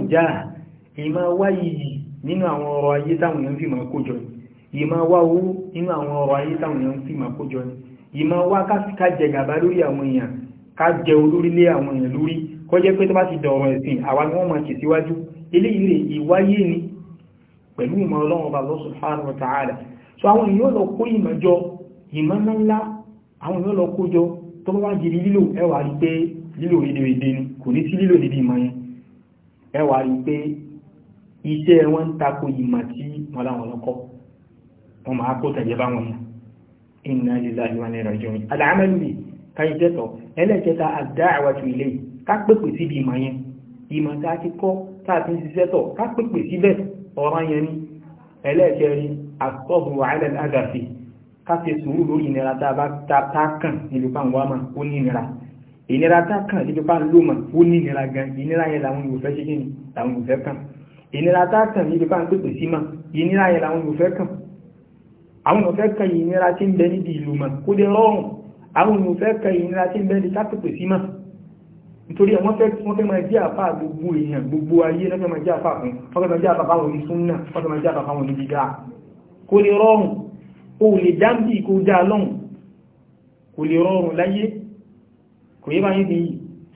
ìmọ̀ wá iyì nínú àwọn ọrọ̀ ayé táwọn èèyàn fi máa kójọ ni ìmọ̀ wá owó nínú àwọn ọrọ̀ ayé táwọn èèyàn fi máa kójọ ni ìmọ̀ wá ká jẹ gàbá lórí àwọn èèyàn ká jẹ olórí lé àwọn èèyàn lórí kọ́ jẹ́ pé tó bá ti dọ̀rọ̀ ẹ̀sìn àwa ni wọ́n máa ṣe ìwáyé ni pẹ̀lú ìmọ̀ ọlọ́run ọba Allah subhanahu wa so àwọn èèyàn lọ kó ìmọ̀ jọ ìmọ̀ ńlá àwọn èèyàn lọ kó jọ tó bá wá di lílò ẹwà rí pé lílò èdèèdè ni kò ní sí lílò inna lillahi wa inna ilaihi raji'un alàmẹ́lú yìí káyí tẹ́tọ̀ ẹlẹ́kẹta ad-da'watu ilayhi ká pèpè síbi ìmọ̀ yẹn ìmọ̀ tá a ti kọ́ tá a ti ń ṣiṣẹ́ tọ̀ ká pèpè síbẹ̀ ọ̀ràn yẹn ni ẹlẹ́kẹrin as-sabru 'ala al-adha fihi ká fi sùúrù lórí ìnira tá a ní ìnira ìnira tá sí mà ìnira yẹn làwọn yóò fẹ́ àwọn èèyàn fẹ́ kan ìnira tí ń bẹ níbi ìlú mọ̀ kó dé rọrùn àwọn èèyàn fẹ́ kan ìnira tí ń bẹ ní sátòpè sí mọ̀ nítorí wọ́n fẹ́ wọ́n fẹ́ máa jẹ́ àfà gbogbo èèyàn gbogbo ayé náà fẹ́ máa jẹ́ àfà fún wọ́n fẹ́ máa jẹ́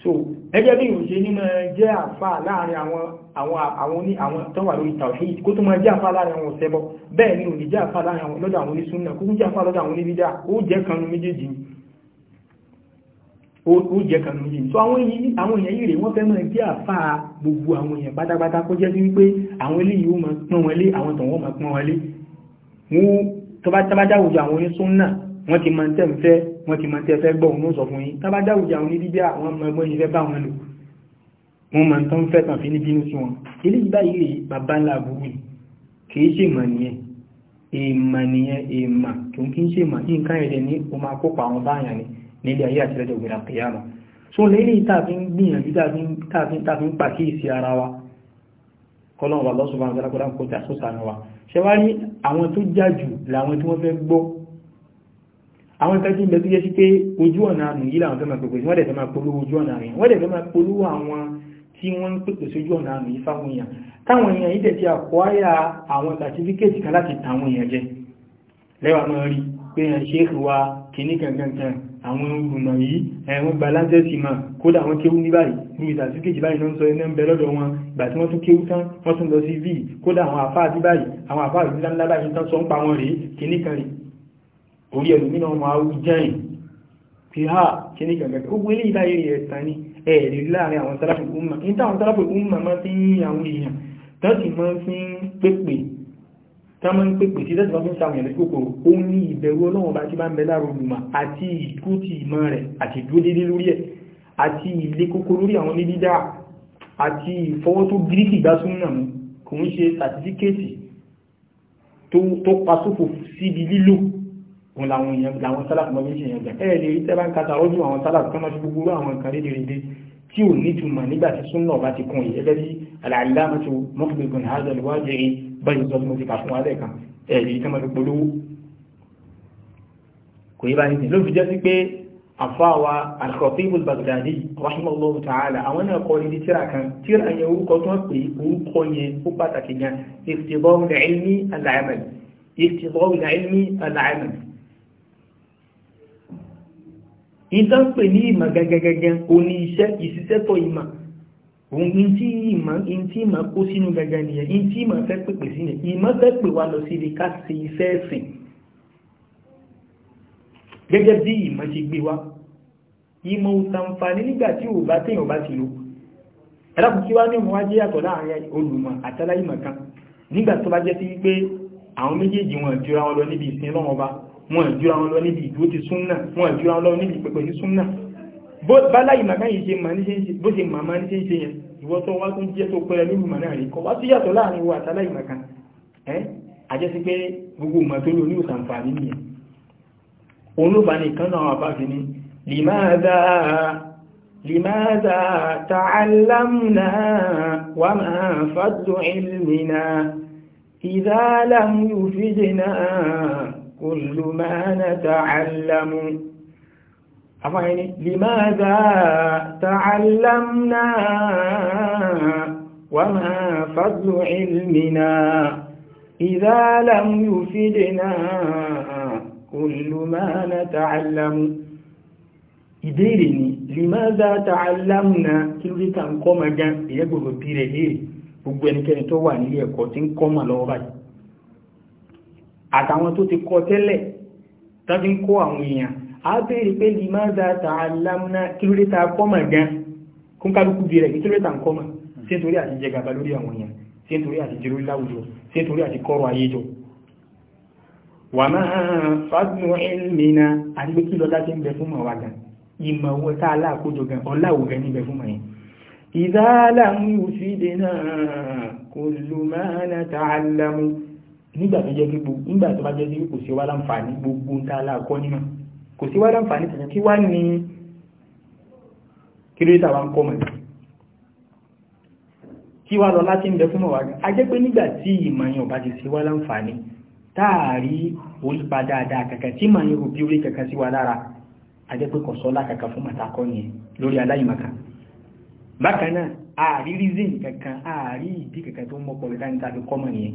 so ẹgbẹ́ bí òṣèlú máa jẹ́ àwọn àwọn ní àwọn tó wà lórí tàwíìd kó tó máa jẹ́ àfá láàrin àwọn ọ̀sẹ́bọ̀ bẹ́ẹ̀ ni ò ní jẹ́ àfá láàrin àwọn lọ́dọ̀ àwọn onísúnnà kó jẹ́ àfá lọ́dọ̀ àwọn oníbídá ó jẹ́ kanu méjèèjì ó jẹ́ kanu méjèèjì tó àwọn èèyàn yìí rẹ̀ wọ́n fẹ́ máa jẹ́ àfá gbogbo àwọn èèyàn pátápátá kó jẹ́ sí wípé àwọn eléyìí ó máa pọ́n wọlé àwọn tọ̀wọ́ máa pọ́n wọlé wọn tọ́bátáwùjọ àwọn onísúnnà wọ́n ti máa tẹ́ fẹ́ wọ́n ti máa gbọ́ òun ló sọ fún yín tọ́bátáwùjọ àwọn oníbídá àwọn ọmọ ẹgbẹ́ yìí wọn lò wọ́n ma tán fẹ́ tàn fi ní bínú sí wọn ilé ìgbà ilé bàbá ńlá burú ni kìí ṣe ìmọ̀ nìyẹn ìmọ̀ nìyẹn ìmọ̀ tó ń kí ń ṣe ìmọ̀ yìí nǹkan ẹ̀rẹ̀ ní o máa kópa àwọn báyàn ni nílé ayé àti lọ́jọ́ ìgbéra kìyàmọ̀ so lẹ́yìn tàbí ń gbìyànjú tàbí ń pàkíyèsí ara wa kọ́lọ́n wà lọ́sùn báwọn tẹ́lákọ́lá ń kọjá sósà ní wa ṣe wá ní àwọn tó jájù làwọn tí wọ́n fẹ́ gbọ́ àwọn ìtàjú ìgbẹ́ tó yẹ sí pé ojú ọ̀nà àrùn yìí làwọn fẹ́ máa pèpè wọ́n dẹ̀ fẹ́ máa polówó ojú ọ̀nà àrùn wọ́n dẹ̀ fẹ́ máa polówó àwọn tí wọ́n ń pèpè sójú ọ̀nà àmì fáwọn èèyàn táwọn èèyàn yìí tẹ̀sí àkọ́yà àwọn sàtífíkẹ́tì kan láti tàwọn èèyàn jẹ lẹ́wà máa rí pé èèyàn ṣe é wa kìíní gangan àwọn olùmọ̀ yìí ẹ̀wọ̀n gba láńtẹ́sì mà kódà wọ́n kéwú ní báyìí ní ìsàtífíkẹ́tì báyìí náà ń sọ iná ń bẹ lọ́dọ̀ wọn ìgbà tí wọ́n tún kéwú tán wọ́n tún lọ sí v kódà àwọn àfáà bí báyìí àwọn àfáà ìlú ńlá báyìí tán sọ ń pa wọn rèé kìíní kan ẹ̀rí láàrin àwọn tálàfù umma ní táwọn tálàfù umma máa fi ń àwọn èèyàn tọ́sí máa fi ń pépè tọ́mọ́ ń pépè sí tọ́sí máa fi ń sàwọn èèyàn lókòkò ó ní ìbẹ̀rù ọlọ́run bá ti bá ń bẹ láàrọ̀ olùmọ̀ àti ìkú ti ìmọ̀ rẹ̀ àti ìdúró dédé lórí ẹ̀ àti ilé kókó lórí àwọn ní dídá àti ìfọwọ́ tó gíríkì gbá wọn làwọn èèyàn làwọn sálàkù mọ́ méjì èèyàn gbà ẹ̀ lè rí tẹ́bá ń kata ojú àwọn sálàkù kọ́ máa fi gbogbo àwọn nǹkan léde léde tí ò ní túmọ̀ nígbà tí súnà bá ti kún yìí gẹ́gẹ́ bí alàlámàtò mọ́fìlẹ́gùn hajj alwájẹ́ yìí báyìí sọ fún ìkà fún alẹ́ kan ẹ̀ lè rí tẹ́bá fi polówó kò yí báyìí ló fi jẹ́ sí pé àfáwa al-Khatib al-Baghdadi rahimahullahu ta'ala àwọn náà kọ́ ní ìtàn pè ní ìmọ̀ gẹ́gẹ́gẹ́gẹ́ o ní iṣẹ́ ìsísẹ́tọ̀ ìmọ̀ òun tí ìmọ̀ kó sínú gẹ́gẹ́ nìyẹn in tí ìmọ̀ fẹ́ pèpè sí yẹn ìmọ̀ fẹ́ pè wá lọ sí ibi ká ṣe iṣẹ́ ẹ̀sìn gẹ́gẹ́ bí ìmọ̀ ṣe gbé wá ìmọ̀ òsànfàní nígbà tí ò bá téèyàn bá ti lò ẹ̀dàkùn kí wá ní ọmọ wájé yàtọ̀ láàrin olùmọ̀ àtàláyìmọ̀ kan nígbà tó bá jẹ́ sí wípé àwọn méjèèjì wọn jura wọn lọ níbi ìsìn lọ́wọ́ wọn ìjúra wọn lọ níbi ìdúró ti súnnà wọn ìjúra wọn lọ níbi ìpẹ̀pẹ̀ sí súnnà bọ́lá ìmàkà yìí ṣe máa níṣe bó ṣe máa níṣe ṣe yẹn ìwọ wá tó jẹ́ tó pẹ́rẹ lórí màá náà rí kọ wá tó yàtọ̀ láàrin wa àtàlá ìmàkà ẹ́ àjẹ́sí pé gbogbo ìmọ̀ tó lórí òsànfààní nìyẹn òun ló bá ní kan náà àbáfi ní limáàdá limáàdá ta'allamna wa ma fadlu ilmina idha lam yufidna كل ما نتعلم أفعني لماذا تعلمنا وما فضل علمنا إذا لم يفدنا كل ما نتعلم ìbéèrè ni limaza ta'allamna kí ló dé ta ń kọ́ ma gan ìyẹ́ gbogbo bí gbogbo ẹnikẹ́ni tó wà nílé ẹ̀kọ́ tí ń kọ́ ma lọ́wọ́ báyìí àtàwọn tó ti kọ tẹ́lẹ̀ tàbí ń kó àwọn èèyàn a bèèrè pé lè máa dá tààlámúná kílórétà kọ́mọ̀ gan kún kálukú bí rẹ̀ kílórétà kọ́mọ̀ sí nítorí àti jẹ gàba lórí àwọn èèyàn sí nítorí àti jẹ lórí láwùjọ sí nítorí àti kọ́rọ̀ ayé jọ wà máa fásitì ẹlmìnà àti pé kí lọ́lá ti ń bẹ fún màwá gan ìmọ̀ owó tá aláàkójọ gan ọláwò gan níbẹ̀ fún màyẹn ìdá aláàmú náà kò lù máa na tààlámú nígbà tó jẹ́ pé gbogbo nígbà tó bá jẹ́ pé kò sí wá láǹfààní gbogbo ń ta aláàkọ́ nínú kò sí wá láǹfààní tẹ̀sán kí wá ní kírítà wa ń kọ́ mọ̀ kí wá lọ láti ń bẹ fún ọ̀wà a jẹ́ pé nígbà tí ìmọ̀yàn bá ti sí wá láǹfààní táàrí orípa dáadáa kankan tí màá ń rò bí orí kankan sí wa lára a jẹ́ pé kò sọ́lá kankan fún màtàkọ́ yẹn lórí aláìmọ̀ká bákan náà ààrí rízìn kankan ààrí ìdí kankan tó ń mọ́pọ̀ lọ́dá níta fi kọ́mọ̀ yẹn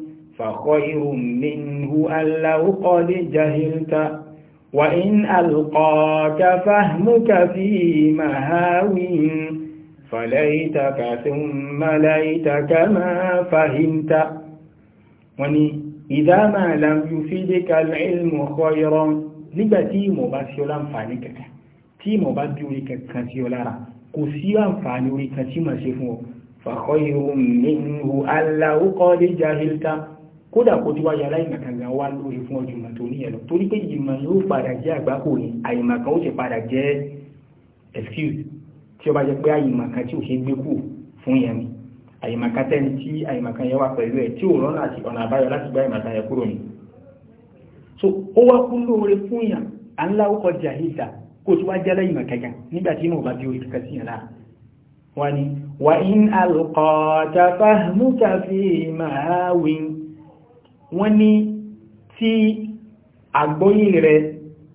فخير منه أن لو قد جهلت وإن ألقاك فهمك في مهاوين فليتك ثم ليتك ما فهمت وني إذا ما لم يفيدك العلم خيرا nígbàtí ìmọ̀ bá sí ọlá ǹfààní kẹ̀kẹ́ tí ìmọ̀ bá bí orí kankan sí ọlára kò sí àǹfààní orí kan tí mà ṣe fún ọ fàkọ́ ìhun nínú aláwọ́kọ́ lè jahilta kódà kó tí wá yàrá ìmọ̀kànlá wá lórí fún ọjọ́ ìmọ̀ tó níyẹ̀ lọ torí pé ìmọ̀ yóò padà jẹ́ àgbákò ní àìmọ̀kan ó sì padà jẹ́ excuse tí ó bá jẹ́ pé àìmọ̀kan tí ò ṣe gbé kù fún yẹn ni tẹ́ni tí àìmọ̀kan yẹn wà pẹ̀lú ẹ̀ tí ò rán láti ọ̀nà àbáyọ láti gbá àìmọ̀kan yẹn kúrò ní. so ó wá kú lóore fún yàn à ń láwọ́ kọjá ìta kó tí wá jẹ́ láìmọ̀kan mo bá bí orí kankan sí yàn láà wọ́n ni wà wọ́n ní tí àgbọ́yìn rẹ̀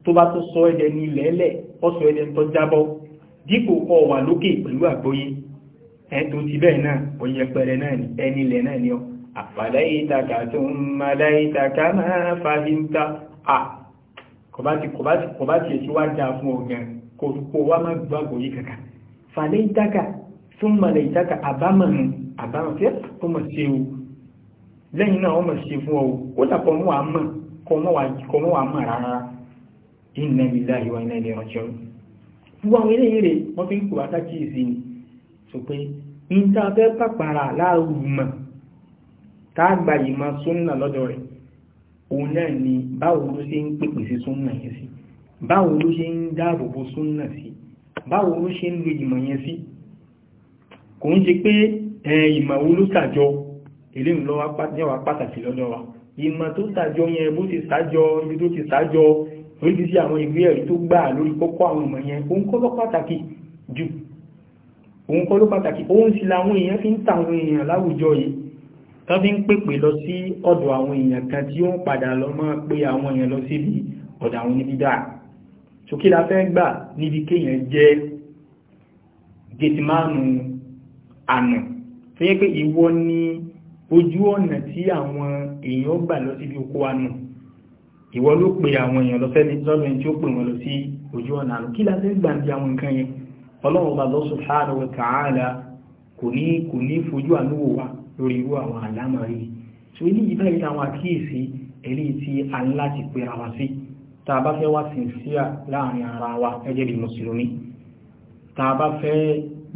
tó bá tó sọ ẹ̀dẹ̀ ní ilẹ̀ẹ́lẹ̀ ọ̀sọ̀ ẹ̀dẹ̀ tó jábọ́ dípò kọ wà lókè pẹ̀lú àgbọ́yìn ẹ̀tò ti ni ẹni ilẹ̀ náà ni ọ àfàdáyítàkà tó ń madáyítàkà máa fàhíntà à kọ̀bátì ẹ̀tí wá já fún ọ̀gán kò rúpọ̀ wá má gbọ́ àgbọ́yìn kàkà fàdáyítàkà tó ń madáyítàkà àbámọ̀ àbámọ̀ fẹ́ tó mọ̀ sí ewu lẹ́yìn náà wọ́n mọ̀ ṣe fún ọ ó dàpọ̀ mọ́ wàá mọ̀ kọ́ mọ́ wàá mọ̀ rárá inna lillahi wa inna ilayhi raji'un gbogbo àwọn eléyìí rè wọ́n fi ń pò àtàkì ìsìn sọ pé níta fẹ́ pàpàrà láàrùmọ̀ tá a gba ìmọ̀ súnà lọ́dọ̀ rẹ̀ òun náà ni báwo ló ṣe ń pèpè sí súnà yẹn sí báwo ló ṣe ń dáàbò bo súnà sí báwo ló ṣe ń lo ìmọ̀ yẹn sí kò ń ṣe pé ìmọ̀ wo ló ṣàjọ eléyìí lọ́wọ́ jẹ́wà pàtàkì lọ́dọ̀ wa ìmọ̀ tó sàjọ yẹn bó ti sàjọ ibi tó ti sàjọ oríṣiríṣi àwọn ìwé ẹ̀rí tó gbà lórí kókó àwọn ìmọ̀ yẹn òun kọ́ ló pàtàkì jù òun kọ́ ló pàtàkì òun sì làwọn èèyàn fi ń ta àwọn èèyàn láwùjọ yìí tán fi ń pèpè lọ sí ọ̀dọ̀ àwọn èèyàn kan tí ó ń padà lọ mọ́ pé àwọn èèyàn lọ síbi ọ̀dọ̀ àwọn níbi dáa sókè la fẹ́ gbà níbi kéèyàn jẹ́ gẹ̀tìmánù àná tó pé ìwọ ni ojú ọ̀nà tí àwọn èèyàn gbà lọ síbi oko wa nù ìwọ ló pe àwọn èèyàn lọ sẹ́ni sọ́dún tí ó pè wọn lọ sí ojú ọ̀nà àná kí láti gbà ń àwọn nǹkan yẹn ọlọ́run ọba lọ subhanahu wa ta'ala kò ní kò ní fojú ànúwò wa lórí irú àwọn àlámà yìí tí ó ní ìbáyìí àwọn àkíyèsí ẹ̀rí tí a ń láti pe ara sí tá a bá fẹ́ wá sincere láàrin ara wa gẹ́gẹ́ bí mùsùlùmí tá a bá fẹ́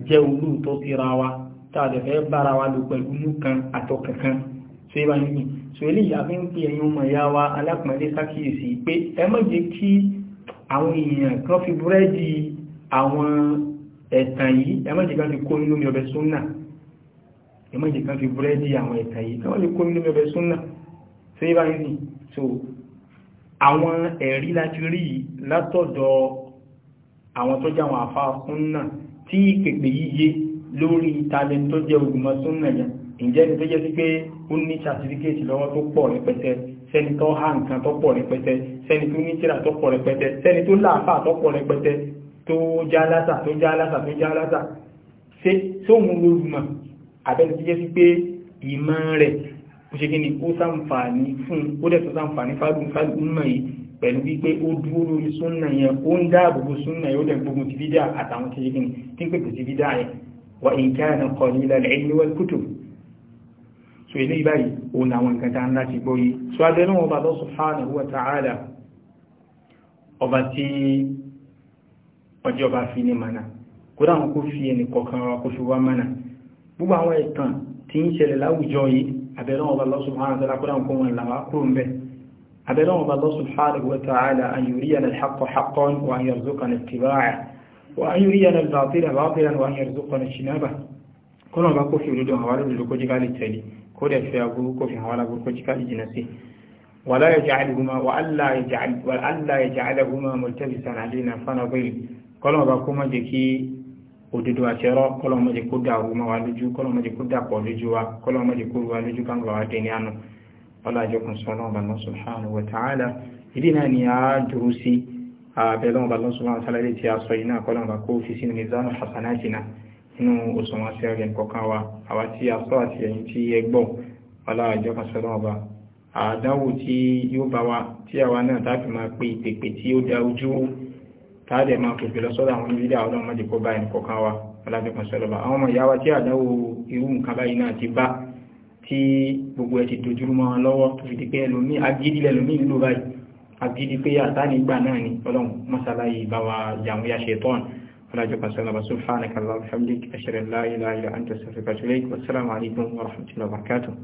jẹ́ olóòótọ́ síra wa tààdẹ̀fẹ́ bára wa lò pẹ̀lú núkan àtọkẹ̀kan tó yíba nínú so eléyìí a fi ń pè ẹ̀yin ọmọ ìyá wa alápẹ̀lẹ́ sákìyèsí pé ẹ má jẹ́ kí àwọn èèyàn kan fi búrẹ́dì àwọn ẹ̀tàn yìí ẹ má jẹ́ kan fi kó nínú mi ọbẹ̀ súnà ẹ má jẹ́ kan fi búrẹ́dì àwọn ẹ̀tàn yìí ẹ má jẹ́ kó nínú mi tí ìpèpè yíyé lórí ìtàlẹ̀ tó jẹ́ olùmọ̀ súnà yẹn ǹjẹ́ ni tó jẹ́ sí pé ó ní sàtífíkèsì lọ́wọ́ tó pọ̀ rẹpẹtẹ sẹ́ni tó há nǹkan tó pọ̀ rẹpẹtẹ sẹ́ni tó ní tíra tó pọ̀ rẹpẹtẹ sẹ́ni tó láàfà tó pọ̀ rẹpẹtẹ tó já lásà tó já lásà tó já lásà ṣé sóhun lórúmọ̀ àbẹ́ni tó jẹ́ sí pé ìmọ̀ rẹ̀ ó ṣe kí ni ó sàǹfààní fún ó dẹ̀ tó sàǹfààní fáwọn olùmọ̀ yìí pẹ̀lú wípé ó dúró lórí súnà yẹn ó ń dáàbòbò súnà yẹn ó dẹ̀ gbógun ti àtàwọn tí yẹn wa in kana qalila al-ilmi wal kutub so ilé ìbáyìí òun àwọn nǹkan tá ń láti gbóyí so adẹ́lú ọba lọ subhanahu wa ta'ala ọba tí ọjọ́ ọba fi ní mana kó dáwọn kó fi ẹni kọ̀kan wa kó fi wá mana gbogbo àwọn ẹ̀tàn tí ń ṣẹlẹ̀ láwùjọ yìí abẹ́lú ọba lọ subhanahu wa ta'ala kó dáwọn kó wọn làwá kúrò ń bẹ́ abẹ́lú ọba lọ subhanahu wa ta'ala an yuriyana al-haqqa haqqan wa an yarzuqana ittiba'ah وأن يرينا الباطل باطلا وأن يرزقنا اجتنابه كل ما بكو في ولده حوالا بلوكو جكالي تالي كل في أبوه كو في حوالا بلوكو جكالي جنسي ولا يجعلهما وألا يجعل وألا يجعلهما ملتبسا علينا فنضل كل ما بكو ما جكي òdodo àṣẹrọ kọlọmọ jẹ kó dà òwúmọ wa lójú kọlọmọ jẹ kó dà pọ lójú wa kọlọmọ jẹ kó ru wa lójú káńgbà wa dẹni àná ọlọ àjọkùn àbẹ̀lọ́wọ́ bá lọ́sùn láwọn sálẹ́lẹ̀ tí a sọ iná kọ́lọ́mbà kó fi sínú mizanu hasanatina nínú òsùn wọn sí ẹ̀rẹ̀ nǹkan wa àwa tí a sọ àti ẹ̀yìn tí ẹ gbọ́ ọlá ìjọba sọlọ́ọ̀bà àdáwò tí yóò bá wa tí àwa náà tá fi máa pe ìpèpè tí ó da ojú táàdẹ̀ máa pèpè lọ́sọ́dọ̀ àwọn oníbídà ọlọ́mọdé kó bá ẹnìkọ̀ àwọn ọmọ ìyá agidi pé àtàní gbà náà ni ọlọ́run mọ́sálàyé ìbáwa yàwọn ya ṣetán ọlájọ́ pàṣẹlá bá subhanaka allahumma wa bihamdik ashhadu an la ilaha illa anta astaghfiruka wa atubu